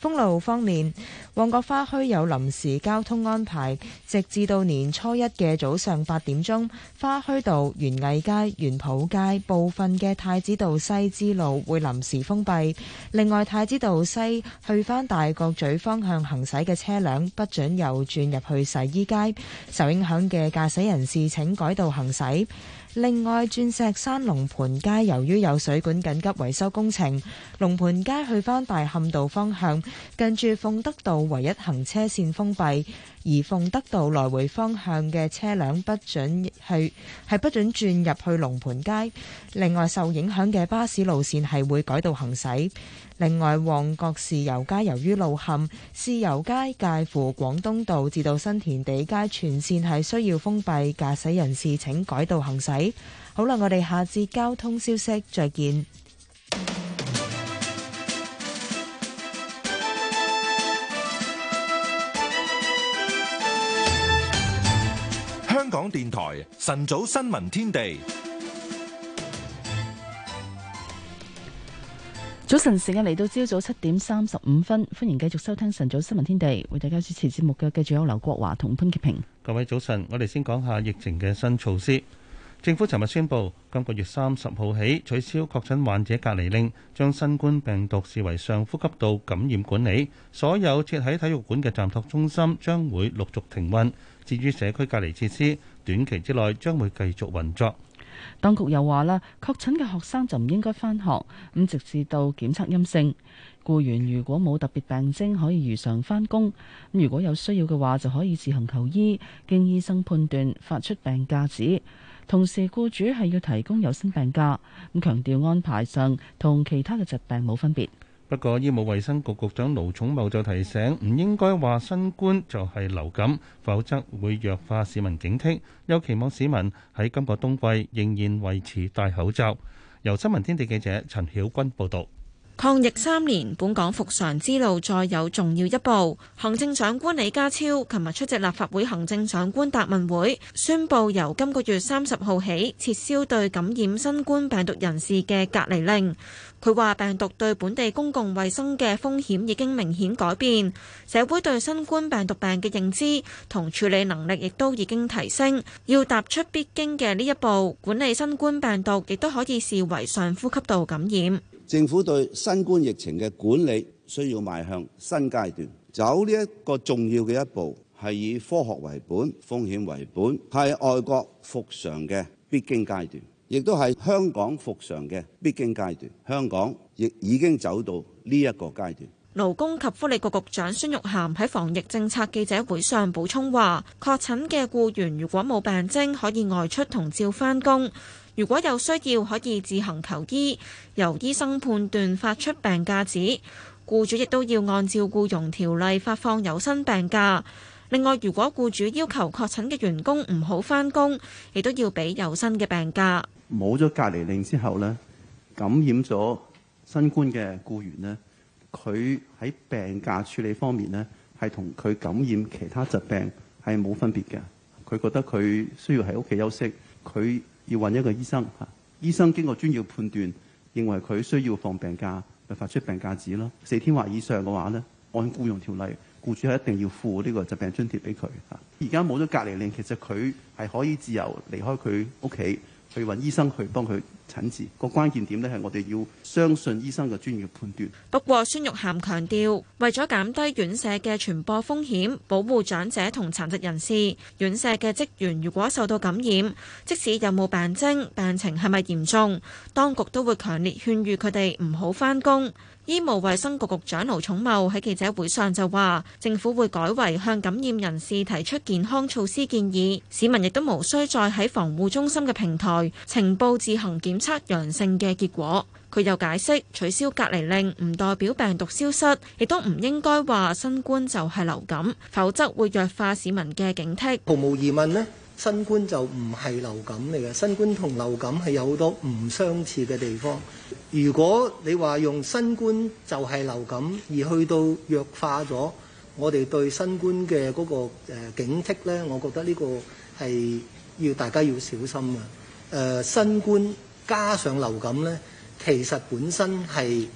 封路方面，旺角花墟有臨時交通安排，直至到年初一嘅早上八點鐘，花墟道、園藝街、園圃街部分嘅太子道西支路會臨時封閉。另外，太子道西去返大角咀方向行駛嘅車輛，不准右轉入去洗衣街。受影響嘅駕駛人士請改道行駛。另外，鑽石山龍盤街由於有水管緊急維修工程，龍盤街去返大磡道方向，近住鳳德道唯一行車線封閉，而鳳德道來回方向嘅車輛不准去，係不准轉入去龍盤街。另外，受影響嘅巴士路線係會改道行駛。另外，旺角豉油街由於路陷，豉油街介乎廣東道至到新田地街全線係需要封閉，駕駛人士請改道行駛。好啦，我哋下次交通消息，再見。香港電台晨早新聞天地。早晨時間嚟到朝早七點三十五分，歡迎繼續收聽晨早新聞天地，為大家主持節目嘅繼續有劉國華同潘潔平。各位早晨，我哋先講下疫情嘅新措施。政府尋日宣布，今個月三十號起取消確診患者隔離令，將新冠病毒視為上呼吸道感染管理。所有設喺體育館嘅暫托中心將會陸續停運，至於社區隔離設施，短期之內將會繼續運作。當局又話啦，確診嘅學生就唔應該返學，咁直至到檢測陰性。僱員如果冇特別病徵，可以如常返工；咁如果有需要嘅話，就可以自行求醫，經醫生判斷發出病假紙。同時，僱主係要提供有薪病假，咁強調安排上同其他嘅疾病冇分別。不過，醫務衛生局局長盧寵茂就提醒，唔應該話新冠就係流感，否則會弱化市民警惕。又期望市民喺今個冬季仍然維持戴口罩。由新聞天地記者陳曉君報道。抗疫三年，本港復常之路再有重要一步。行政長官李家超琴日出席立法會行政長官答問會，宣布由今個月三十號起，撤銷對感染新冠病毒人士嘅隔離令。佢話：病毒對本地公共衛生嘅風險已經明顯改變，社會對新冠病毒病嘅認知同處理能力亦都已經提升，要踏出必經嘅呢一步，管理新冠病毒亦都可以視為上呼吸道感染。政府對新冠疫情嘅管理需要邁向新階段，走呢一個重要嘅一步，係以科學為本、風險為本，係外國復常嘅必經階段。亦都係香港復常嘅必經階段，香港亦已經走到呢一個階段。勞工及福利局局長孫玉菡喺防疫政策記者會上補充話，確診嘅僱員如果冇病徵，可以外出同照返工；如果有需要，可以自行求醫，由醫生判斷發出病假紙。僱主亦都要按照僱傭條例發放有薪病假。另外，如果僱主要求確診嘅員工唔好返工，亦都要俾有薪嘅病假。冇咗隔離令之後咧，感染咗新冠嘅僱員咧，佢喺病假處理方面咧，係同佢感染其他疾病係冇分別嘅。佢覺得佢需要喺屋企休息，佢要搵一個醫生嚇。醫生經過專業判斷，認為佢需要放病假，就發出病假紙咯。四天或以上嘅話咧，按僱傭條例，僱主係一定要付呢個疾病津貼俾佢嚇。而家冇咗隔離令，其實佢係可以自由離開佢屋企。去揾醫生，去幫佢診治，個關鍵點呢，係我哋要相信醫生嘅專業判斷。不過，孫玉菡強調，為咗減低院舍嘅傳播風險，保護長者同殘疾人士，院舍嘅職員如果受到感染，即使有冇病徵、病情係咪嚴重，當局都會強烈勸喻佢哋唔好返工。醫務衛生局局長盧寵茂喺記者會上就話：政府會改為向感染人士提出健康措施建議，市民亦都無需再喺防護中心嘅平台呈報自行檢測陽性嘅結果，佢又解釋取消隔離令唔代表病毒消失，亦都唔應該話新冠就係流感，否則會弱化市民嘅警惕。毫無疑問呢，新冠就唔係流感嚟嘅。新冠同流感係有好多唔相似嘅地方。如果你話用新冠就係流感，而去到弱化咗我哋對新冠嘅嗰個誒警惕呢，我覺得呢個係要大家要小心啊。誒、呃，新冠。加上流感呢，其實本身係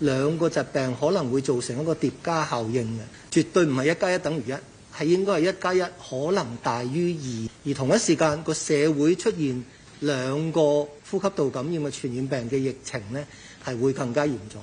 兩個疾病可能會造成一個疊加效應嘅，絕對唔係一加一等於一，係應該係一加一可能大於二，而同一時間個社會出現兩個呼吸道感染嘅傳染病嘅疫情呢，係會更加嚴重。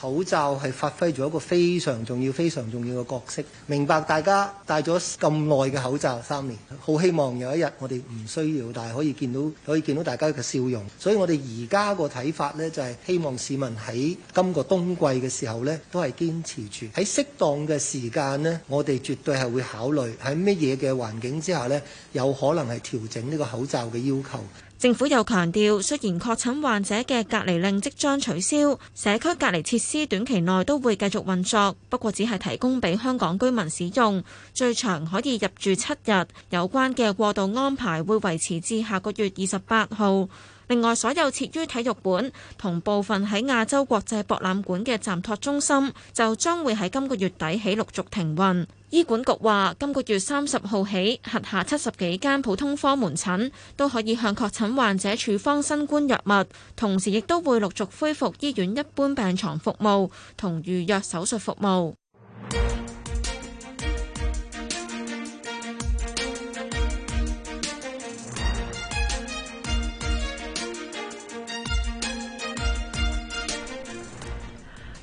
口罩係發揮咗一個非常重要、非常重要嘅角色。明白大家戴咗咁耐嘅口罩三年，好希望有一日我哋唔需要，但係可以見到可以見到大家嘅笑容。所以我哋而家個睇法呢，就係希望市民喺今個冬季嘅時候呢，都係堅持住喺適當嘅時間呢，我哋絕對係會考慮喺乜嘢嘅環境之下呢，有可能係調整呢個口罩嘅要求。政府又強調，雖然確診患者嘅隔離令即將取消，社區隔離設施短期內都會繼續運作，不過只係提供俾香港居民使用，最長可以入住七日。有關嘅過渡安排會維持至下個月二十八號。另外，所有設於體育館同部分喺亞洲國際博覽館嘅暫託中心，就將會喺今個月底起陸續停運。醫管局話，今個月三十號起，轄下七十幾間普通科門診都可以向確診患者處方新冠藥物，同時亦都會陸續恢復醫院一般病床服務同預約手術服務。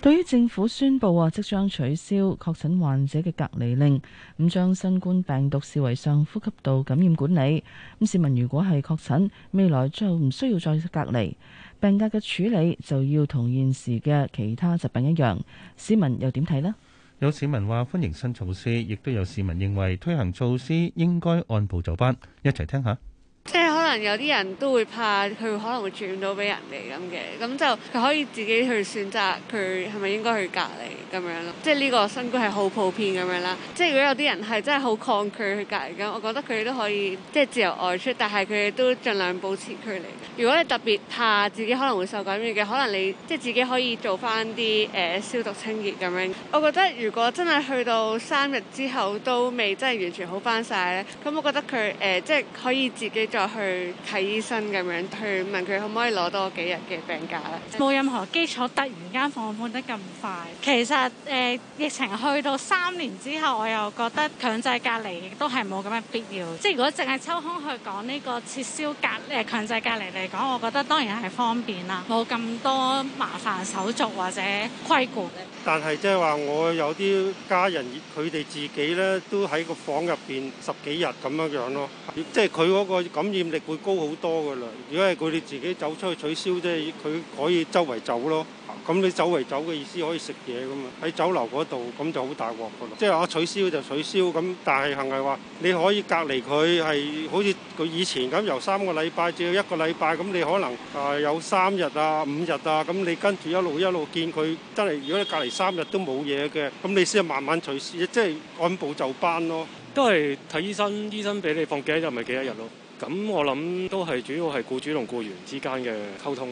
對於政府宣布話即將取消確診患者嘅隔離令，咁將新冠病毒視為上呼吸道感染管理，咁市民如果係確診，未來就唔需要再隔離，病假嘅處理就要同現時嘅其他疾病一樣。市民又點睇呢？有市民話歡迎新措施，亦都有市民認為推行措施應該按部就班。一齊聽一下。可能有啲人都會怕佢可能會轉到俾人哋咁嘅，咁就佢可以自己去選擇佢係咪應該去隔離咁樣咯。即係呢個新冠係好普遍咁樣啦。即係如果有啲人係真係好抗拒去隔離咁，我覺得佢哋都可以即係自由外出，但係佢哋都盡量保持距離。如果你特別怕自己可能會受感染嘅，可能你即係自己可以做翻啲誒消毒清潔咁樣。我覺得如果真係去到三日之後都未真係完全好翻晒咧，咁我覺得佢誒、呃、即係可以自己再去去睇醫生咁樣，去問佢可唔可以攞多幾日嘅病假啦。冇任何基礎，突然間放寬得咁快。其實誒、呃，疫情去到三年之後，我又覺得強制隔離亦都係冇咁嘅必要。即係如果淨係抽空去講呢個撤銷隔誒強制隔離嚟講，我覺得當然係方便啦，冇咁多麻煩手續或者規管。但係即係話，我有啲家人佢哋自己咧，都喺個房入邊十幾日咁樣樣咯。即係佢嗰個感染力。會高好多㗎啦！如果係佢哋自己走出去取消即係，佢可以周圍走咯。咁你周圍走嘅意思可以食嘢咁嘛？喺酒樓嗰度咁就好大鑊㗎啦。即係我取消就取消咁，但係係唔係話你可以隔離佢係好似佢以前咁由三個禮拜至到一個禮拜咁？你可能啊、呃、有三日啊五日啊咁，你跟住一路一路見佢真係。如果你隔離三日都冇嘢嘅，咁你先慢慢取消，即係按部就班咯。都係睇醫生，醫生俾你放幾多日咪幾多日咯。咁我諗都係主要係僱主同僱員之間嘅溝通。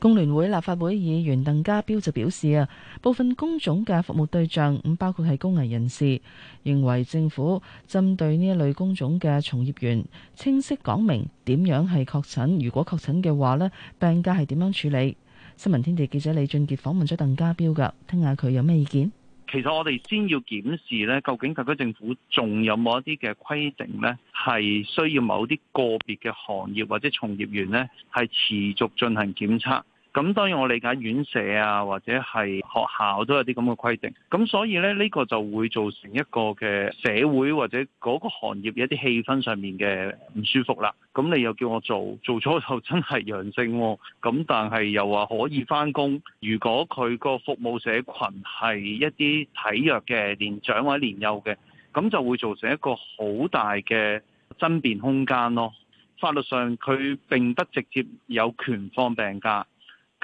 工聯會立法會議員鄧家彪就表示啊，部分工種嘅服務對象咁包括係工危人士，認為政府針對呢一類工種嘅從業員，清晰講明點樣係確診，如果確診嘅話咧，病假係點樣處理。新聞天地記者李俊傑訪問咗鄧家彪噶，聽下佢有咩意見。其實我哋先要檢視咧，究竟特區政府仲有冇一啲嘅規定咧，係需要某啲個別嘅行業或者從業員咧，係持續進行檢測。咁當然，我理解院舍啊，或者係學校都有啲咁嘅規定。咁所以咧，呢、這個就會造成一個嘅社會或者嗰個行業一啲氣氛上面嘅唔舒服啦。咁你又叫我做做咗就真係陽性喎、哦。咁但係又話可以翻工。如果佢個服務社群係一啲體弱嘅年長或者年幼嘅，咁就會造成一個好大嘅爭辯空間咯。法律上佢並不直接有權放病假。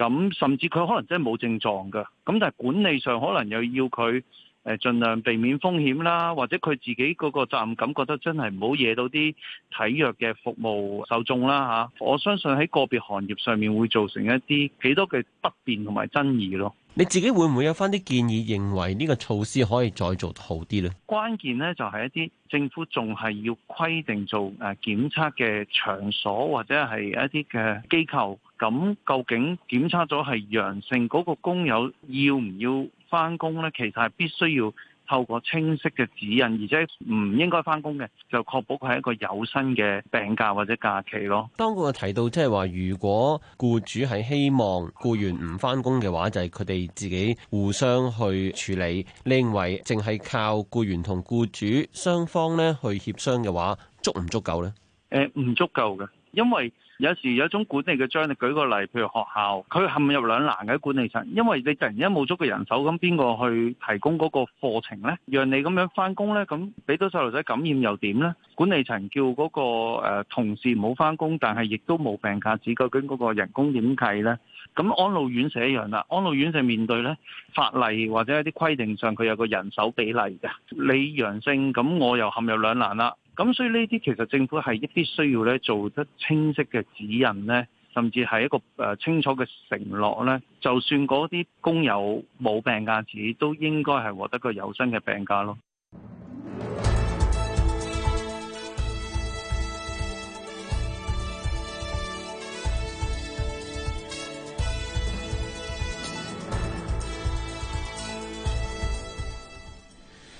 咁甚至佢可能真係冇症狀㗎，咁但係管理上可能又要佢誒盡量避免風險啦，或者佢自己嗰個責任感覺得真係唔好惹到啲體弱嘅服務受眾啦嚇。我相信喺個別行業上面會造成一啲幾多嘅不便同埋爭議咯。你自己會唔會有返啲建議，認為呢個措施可以再做得好啲呢？關鍵呢，就係一啲政府仲係要規定做誒檢測嘅場所或者係一啲嘅機構。咁究竟檢測咗係陽性，嗰個工友要唔要翻工呢？其實係必須要透過清晰嘅指引，而且唔應該翻工嘅，就確保佢係一個有薪嘅病假或者假期咯。當局提到即係話，如果僱主係希望僱員唔翻工嘅話，就係佢哋自己互相去處理。你認為淨係靠僱員同僱主雙方咧去協商嘅話，足唔足夠呢？誒、呃，唔足夠嘅，因為有時有一種管理嘅張力，你舉個例，譬如學校，佢陷入兩難嘅管理層，因為你突然間冇足個人手，咁邊個去提供嗰個課程呢？讓你咁樣翻工呢？咁俾到細路仔感染又點呢？管理層叫嗰、那個、呃、同事冇翻工，但係亦都冇病假，只究竟嗰個人工點計呢？咁安老院一樣啦，安老院就面對呢法例或者一啲規定上，佢有個人手比例嘅，你陽性咁，我又陷入兩難啦。咁所以呢啲其實政府係一啲需要咧做得清晰嘅指引咧，甚至係一個誒清楚嘅承諾咧，就算嗰啲工友冇病假紙，自己都應該係獲得個有薪嘅病假咯。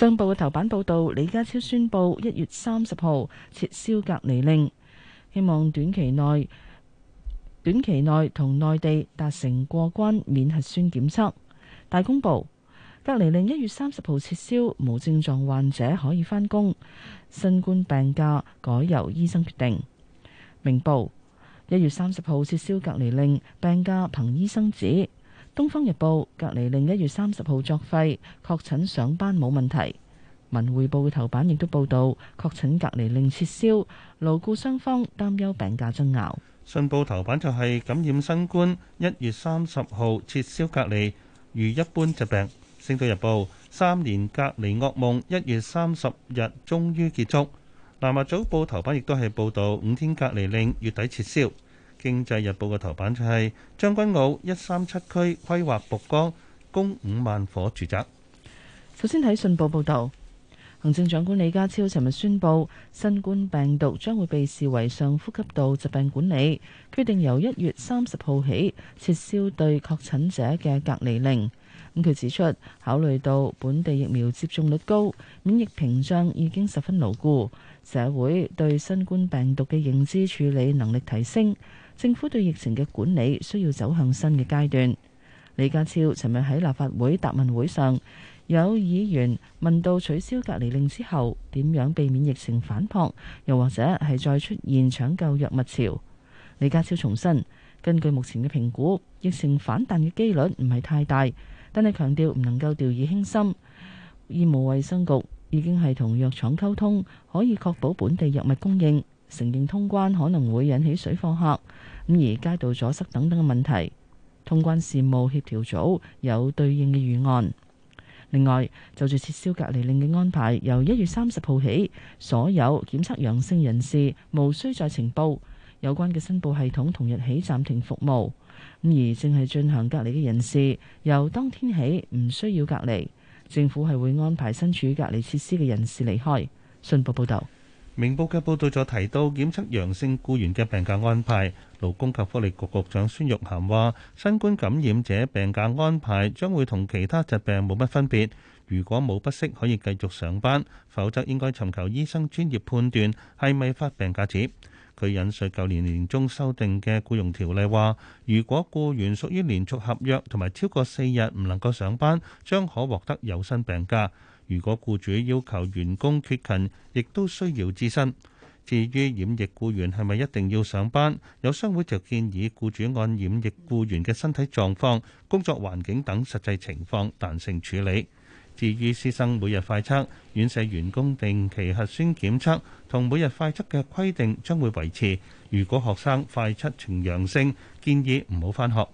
商報嘅頭版報導，李家超宣布一月三十號撤銷隔離令，希望短期內短期內同內地達成過關免核酸檢測。大公報，隔離令一月三十號撤銷，無症狀患者可以返工，新冠病假改由醫生決定。明報，一月三十號撤銷隔離令，病假憑醫生紙。東方日報隔離令一月三十號作廢，確診上班冇問題。文匯報嘅頭版亦都報道確診隔離令撤銷，勞僱雙方擔憂病假爭拗。信報頭版就係感染新冠一月三十號撤銷隔離，如一般疾病。星島日報三年隔離噩夢一月三十日終於結束。南華早報頭版亦都係報道五天隔離令月底撤銷。《經濟日報》嘅頭版就係將軍澳一三七區規劃曝光，供五萬伙住宅。首先睇信報報道，行政長官李家超尋日宣布，新冠病毒將會被視為上呼吸道疾病管理，決定由一月三十號起撤銷對確診者嘅隔離令。咁佢指出，考慮到本地疫苗接種率高，免疫屏障已經十分牢固，社會對新冠病毒嘅認知處理能力提升。政府對疫情嘅管理需要走向新嘅階段。李家超尋日喺立法會答問會上，有議員問到取消隔離令之後點樣避免疫情反撲，又或者係再出現搶購藥物潮。李家超重申，根據目前嘅評估，疫情反彈嘅機率唔係太大，但係強調唔能夠掉以輕心。醫務衛生局已經係同藥廠溝通，可以確保本地藥物供應。承認通關可能會引起水貨客，咁而街道阻塞等等嘅問題，通關事務協調組有對應嘅預案。另外，就住撤銷隔離令嘅安排，由一月三十號起，所有檢測陽性人士無需再呈報，有關嘅申報系統同日起暫停服務。咁而正係進行隔離嘅人士，由當天起唔需要隔離，政府係會安排身處隔離設施嘅人士離開。信報報道。明報嘅報導仲提到檢測陽性僱員嘅病假安排，勞工及福利局局長孫玉菡話：新冠感染者病假安排將會同其他疾病冇乜分別。如果冇不適，可以繼續上班；否則應該尋求醫生專業判斷係咪發病假紙。佢引述舊年年中修訂嘅僱傭條例話：如果僱員屬於連續合約同埋超過四日唔能夠上班，將可獲得有薪病假。如果僱主要求員工缺勤，亦都需要諮詢。至於染疫僱員係咪一定要上班？有商會就建議僱主按染疫僱員嘅身體狀況、工作環境等實際情況彈性處理。至於師生每日快測、院舍員工定期核酸檢測同每日快測嘅規定將會維持。如果學生快測呈陽性，建議唔好返學。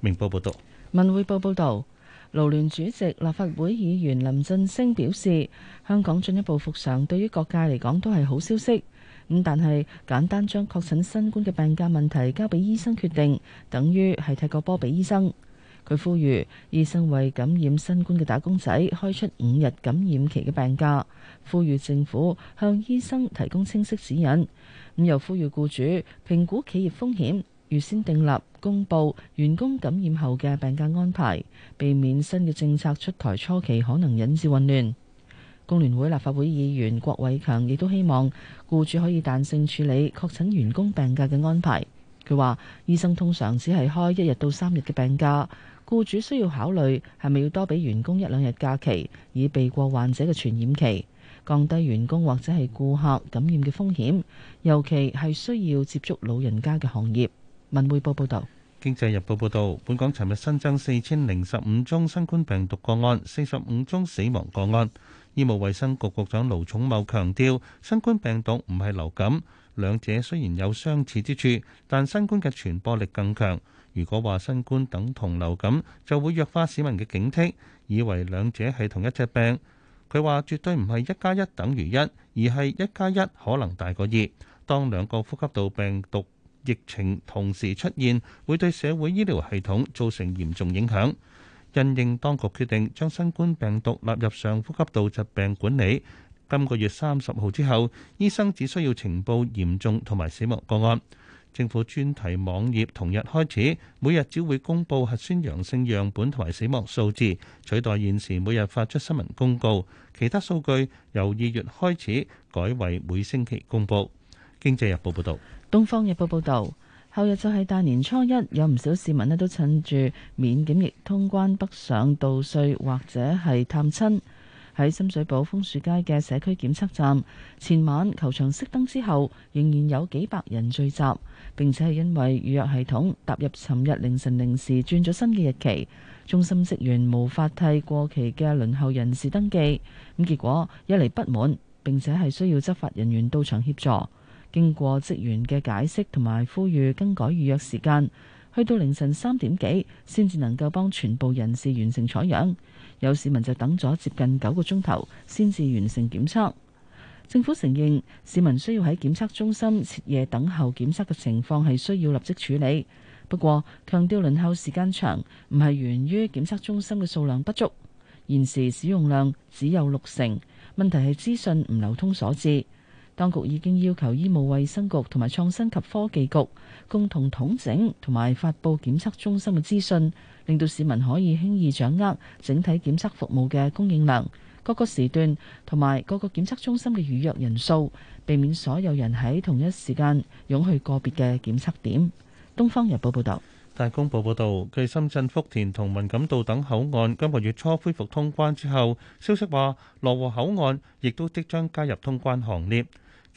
明報報道。文匯報報道。勞聯主席立法會議員林振升表示，香港進一步復常對於各界嚟講都係好消息。咁但係簡單將確診新冠嘅病假問題交俾醫生決定，等於係踢個波俾醫生。佢呼籲醫生為感染新冠嘅打工仔開出五日感染期嘅病假，呼籲政府向醫生提供清晰指引。咁又呼籲僱主評估企業風險。預先訂立公布員工感染後嘅病假安排，避免新嘅政策出台初期可能引致混亂。工聯會立法會議員郭偉強亦都希望雇主可以彈性處理確診員工病假嘅安排。佢話：醫生通常只係開一日到三日嘅病假，雇主需要考慮係咪要多俾員工一兩日假期，以避過患者嘅傳染期，降低員工或者係顧客感染嘅風險，尤其係需要接觸老人家嘅行業。文匯報報道，經濟日報報道，本港尋日新增四千零十五宗新冠病毒個案，四十五宗死亡個案。醫務衛生局局長盧寵茂強調，新冠病毒唔係流感，兩者雖然有相似之處，但新冠嘅傳播力更強。如果話新冠等同流感，就會弱化市民嘅警惕，以為兩者係同一隻病。佢話絕對唔係一加一等於一，1，而係一加一可能大過二。當兩個呼吸道病毒疫情同時出現，會對社會醫療系統造成嚴重影響。因應當局決定將新冠病毒納入上呼吸道疾病管理。今個月三十號之後，醫生只需要呈報嚴重同埋死亡個案。政府專題網頁同日開始，每日只會公佈核酸陽性樣本同埋死亡數字，取代現時每日發出新聞公告。其他數據由二月開始改為每星期公佈。經濟日報報道。《東方日報》報導，後日就係大年初一，有唔少市民咧都趁住免檢疫通關北上度歲或者係探親。喺深水埗楓樹街嘅社區檢測站，前晚球場熄燈之後，仍然有幾百人聚集，並且係因為預約系統踏入尋日凌晨零時轉咗新嘅日期，中心職員無法替過期嘅輪候人士登記，咁結果一嚟不滿，並且係需要執法人員到場協助。經過職員嘅解釋同埋呼籲更改預約時間，去到凌晨三點幾，先至能夠幫全部人士完成採樣。有市民就等咗接近九個鐘頭，先至完成檢測。政府承認市民需要喺檢測中心徹夜等候檢測嘅情況係需要立即處理，不過強調輪候時間長唔係源於檢測中心嘅數量不足，現時使用量只有六成，問題係資訊唔流通所致。當局已經要求醫務衛生局同埋創新及科技局共同統整同埋發佈檢測中心嘅資訊，令到市民可以輕易掌握整體檢測服務嘅供應量、各個時段同埋各個檢測中心嘅預約人數，避免所有人喺同一時間湧去個別嘅檢測點。《東方日報》報道，《大公報》報道，據深圳福田同文錦渡等口岸今個月初恢復通關之後，消息話羅湖口岸亦都即將加入通關行列。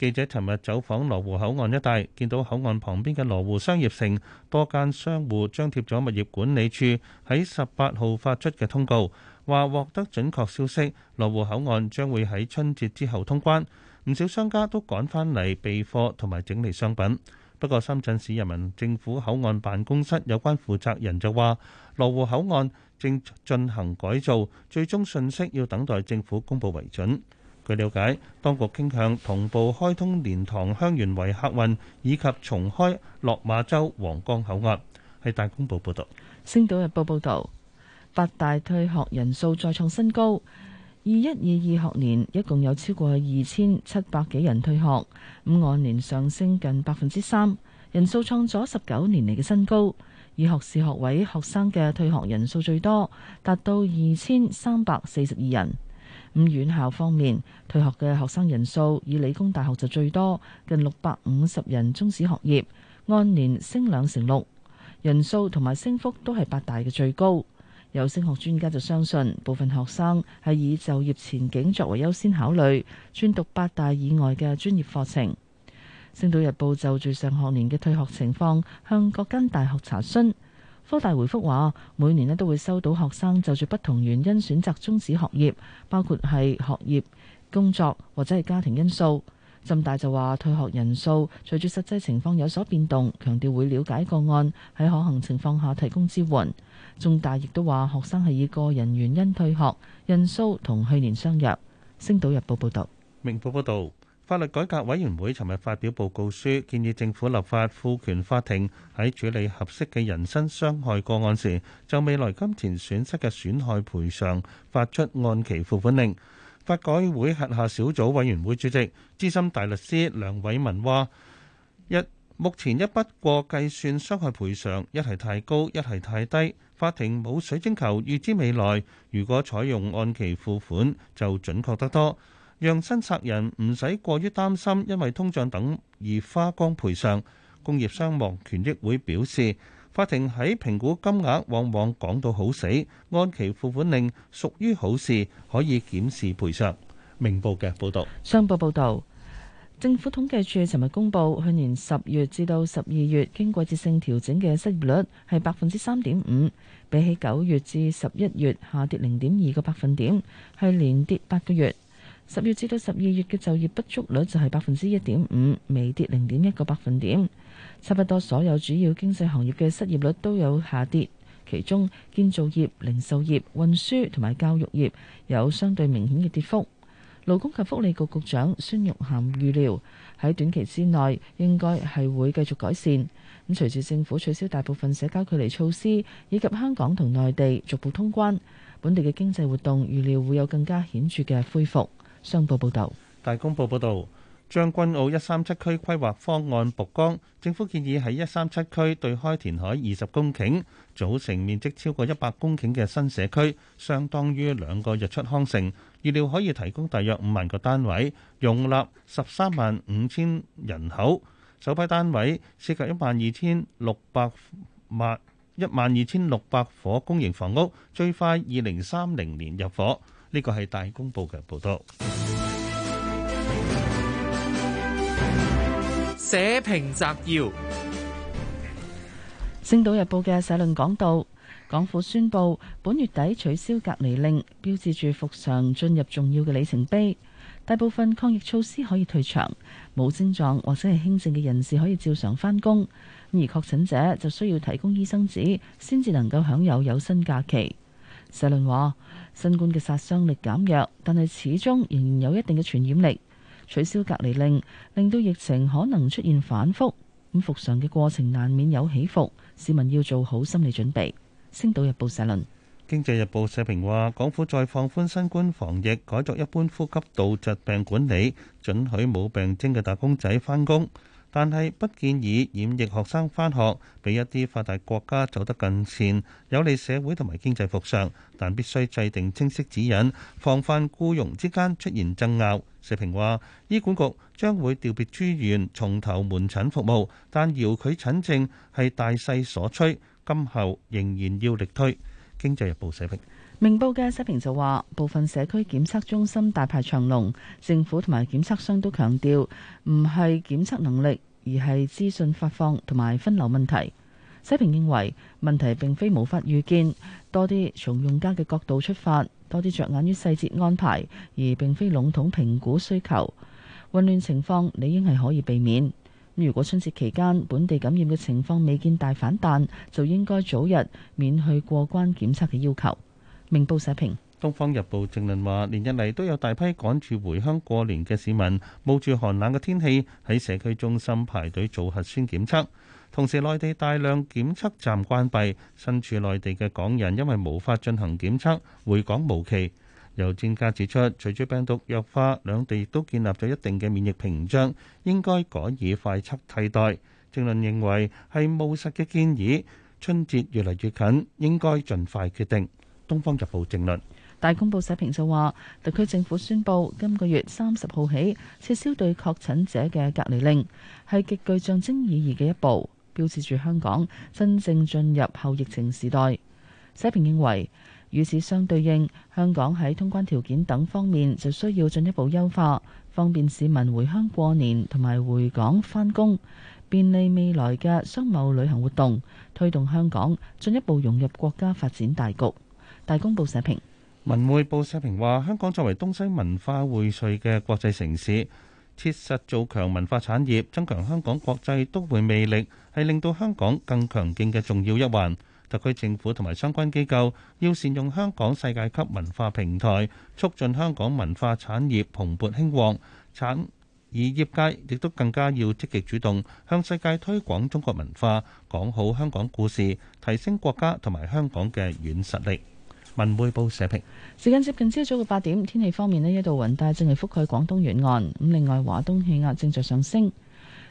記者尋日走訪羅湖口岸一帶，見到口岸旁邊嘅羅湖商業城多間商戶張貼咗物業管理處喺十八號發出嘅通告，話獲得準確消息，羅湖口岸將會喺春節之後通關。唔少商家都趕返嚟備貨同埋整理商品。不過，深圳市人民政府口岸辦公室有關負責人就話，羅湖口岸正進行改造，最終信息要等待政府公佈為準。據了解，當局傾向同步開通蓮塘香園為客運，以及重開落馬洲皇崗口岸，係大公報報導。《星島日報》報導，八大退學人數再創新高，二一二二學年一共有超過二千七百幾人退學，咁按年上升近百分之三，人數創咗十九年嚟嘅新高，以學士學位學生嘅退學人數最多，達到二千三百四十二人。五院校方面，退學嘅學生人數以理工大學就最多，近六百五十人終止學業，按年升兩成六，人數同埋升幅都係八大嘅最高。有升學專家就相信，部分學生係以就業前景作為優先考慮，專讀八大以外嘅專業課程。星島日報就住上學年嘅退學情況，向各間大學查詢。科大回覆話，每年呢都會收到學生就住不同原因選擇終止學業，包括係學業、工作或者係家庭因素。浸大就話退學人數隨住實際情況有所變動，強調會了解個案喺可行情況下提供支援。中大亦都話學生係以個人原因退學，人數同去年相若。星島日報報道，明報報道。法律改革委員會尋日發表報告書，建議政府立法賦權法庭喺處理合適嘅人身傷害個案時，就未來金錢損失嘅損害賠償發出按期付款令。法改會轄下小組委員會主席資深大律師梁偉文話，一目前一筆過計算傷害賠償一係太高，一係太低，法庭冇水晶球預知未來，如果採用按期付款，就準確得多。讓新賊人唔使過於擔心，因為通脹等而花光賠償。工業傷亡權益會表示，法庭喺評估金額往往講到好死，按期付款令屬於好事，可以檢視賠償。明報嘅報導，商報報導，政府統計處尋日公布去年十月至到十二月經季節性調整嘅失業率係百分之三點五，比起九月至十一月下跌零點二個百分點，係連跌八個月。十月至到十二月嘅就業不足率就係百分之一點五，微跌零點一個百分點。差不多所有主要經濟行業嘅失業率都有下跌，其中建造業、零售業、運輸同埋教育業有相對明顯嘅跌幅。勞工及福利局局局長孫玉菡預料喺短期之內應該係會繼續改善。咁隨住政府取消大部分社交距離措施，以及香港同內地逐步通關，本地嘅經濟活動預料會有更加顯著嘅恢復。商報報道，大公報報道，將軍澳一三七區規劃方案曝光，政府建議喺一三七區對開填海二十公頃，組成面積超過一百公頃嘅新社區，相當於兩個日出康城，預料可以提供大約五萬個單位，容納十三萬五千人口，首批單位涉及一萬二千六百萬、一萬二千六百伙公營房屋，最快二零三零年入伙。呢個係大公報嘅報道。社評摘要，《星島日報》嘅社論講到，港府宣布本月底取消隔離令，標誌住復常進入重要嘅里程碑。大部分抗疫措施可以退場，冇症狀或者係輕症嘅人士可以照常返工，而確診者就需要提供醫生紙先至能夠享有有薪假期。社論話，新冠嘅殺傷力減弱，但係始終仍然有一定嘅傳染力。取消隔離令，令到疫情可能出現反覆。咁復常嘅過程難免有起伏，市民要做好心理準備。星島日報社論。經濟日報社評話，港府再放寬新冠防疫，改作一般呼吸道疾病管理，准許冇病徵嘅打工仔返工。但係不建議染疫學生返學，俾一啲發達國家走得更前，有利社會同埋經濟復常，但必須制定清晰指引，防範僱傭之間出現爭拗。社評話，醫管局將會調撥資源重投門診服務，但遙距診症係大勢所趨，今後仍然要力推。經濟日報社評。明報嘅社評就話：部分社區檢測中心大排長龍，政府同埋檢測商都強調唔係檢測能力，而係資訊發放同埋分流問題。社評認為問題並非無法預見，多啲從用家嘅角度出發，多啲着眼於細節安排，而並非籠統評估需求，混亂情況理應係可以避免。如果春節期間本地感染嘅情況未見大反彈，就應該早日免去過關檢測嘅要求。明報社評，《東方日報》政論話：連日嚟都有大批趕住回鄉過年嘅市民，冒住寒冷嘅天氣喺社區中心排隊做核酸檢測。同時，內地大量檢測站關閉，身處內地嘅港人因為無法進行檢測，回港無期。有專家指出，隨住病毒弱化，兩地亦都建立咗一定嘅免疫屏障，應該改以快測替代。政論認為係務實嘅建議。春節越嚟越近，應該盡快決定。《東方日報》政論大公報社評就話，特區政府宣布今個月三十號起撤銷對確診者嘅隔離令，係極具象徵意義嘅一步，標誌住香港真正進入後疫情時代。社評認為，與此相對應，香港喺通關條件等方面就需要進一步優化，方便市民回鄉過年同埋回港返工，便利未來嘅商貿旅行活動，推動香港進一步融入國家發展大局。大公報社評文匯報社評話，香港作為東西文化薈萃嘅國際城市，切實做強文化產業，增強香港國際都會魅力，係令到香港更強勁嘅重要一環。特區政府同埋相關機構要善用香港世界級文化平台，促進香港文化產業蓬勃興旺。產業界亦都更加要積極主動，向世界推廣中國文化，講好香港故事，提升國家同埋香港嘅軟實力。文匯報社評，時間接近朝早嘅八點。天氣方面呢，一道雲帶正係覆蓋廣東沿岸，咁另外華東氣壓正在上升。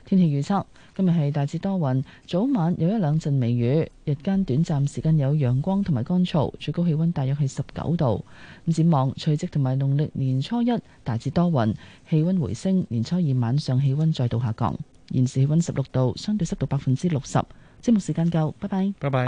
天氣預測今日係大致多雲，早晚有一兩陣微雨，日間短暫時間有陽光同埋乾燥，最高氣温大約係十九度。咁展望，除夕同埋農曆年初一大致多雲，氣温回升，年初二晚上氣温再度下降。現時氣温十六度，相對濕度百分之六十。節目時間夠，拜拜，拜拜。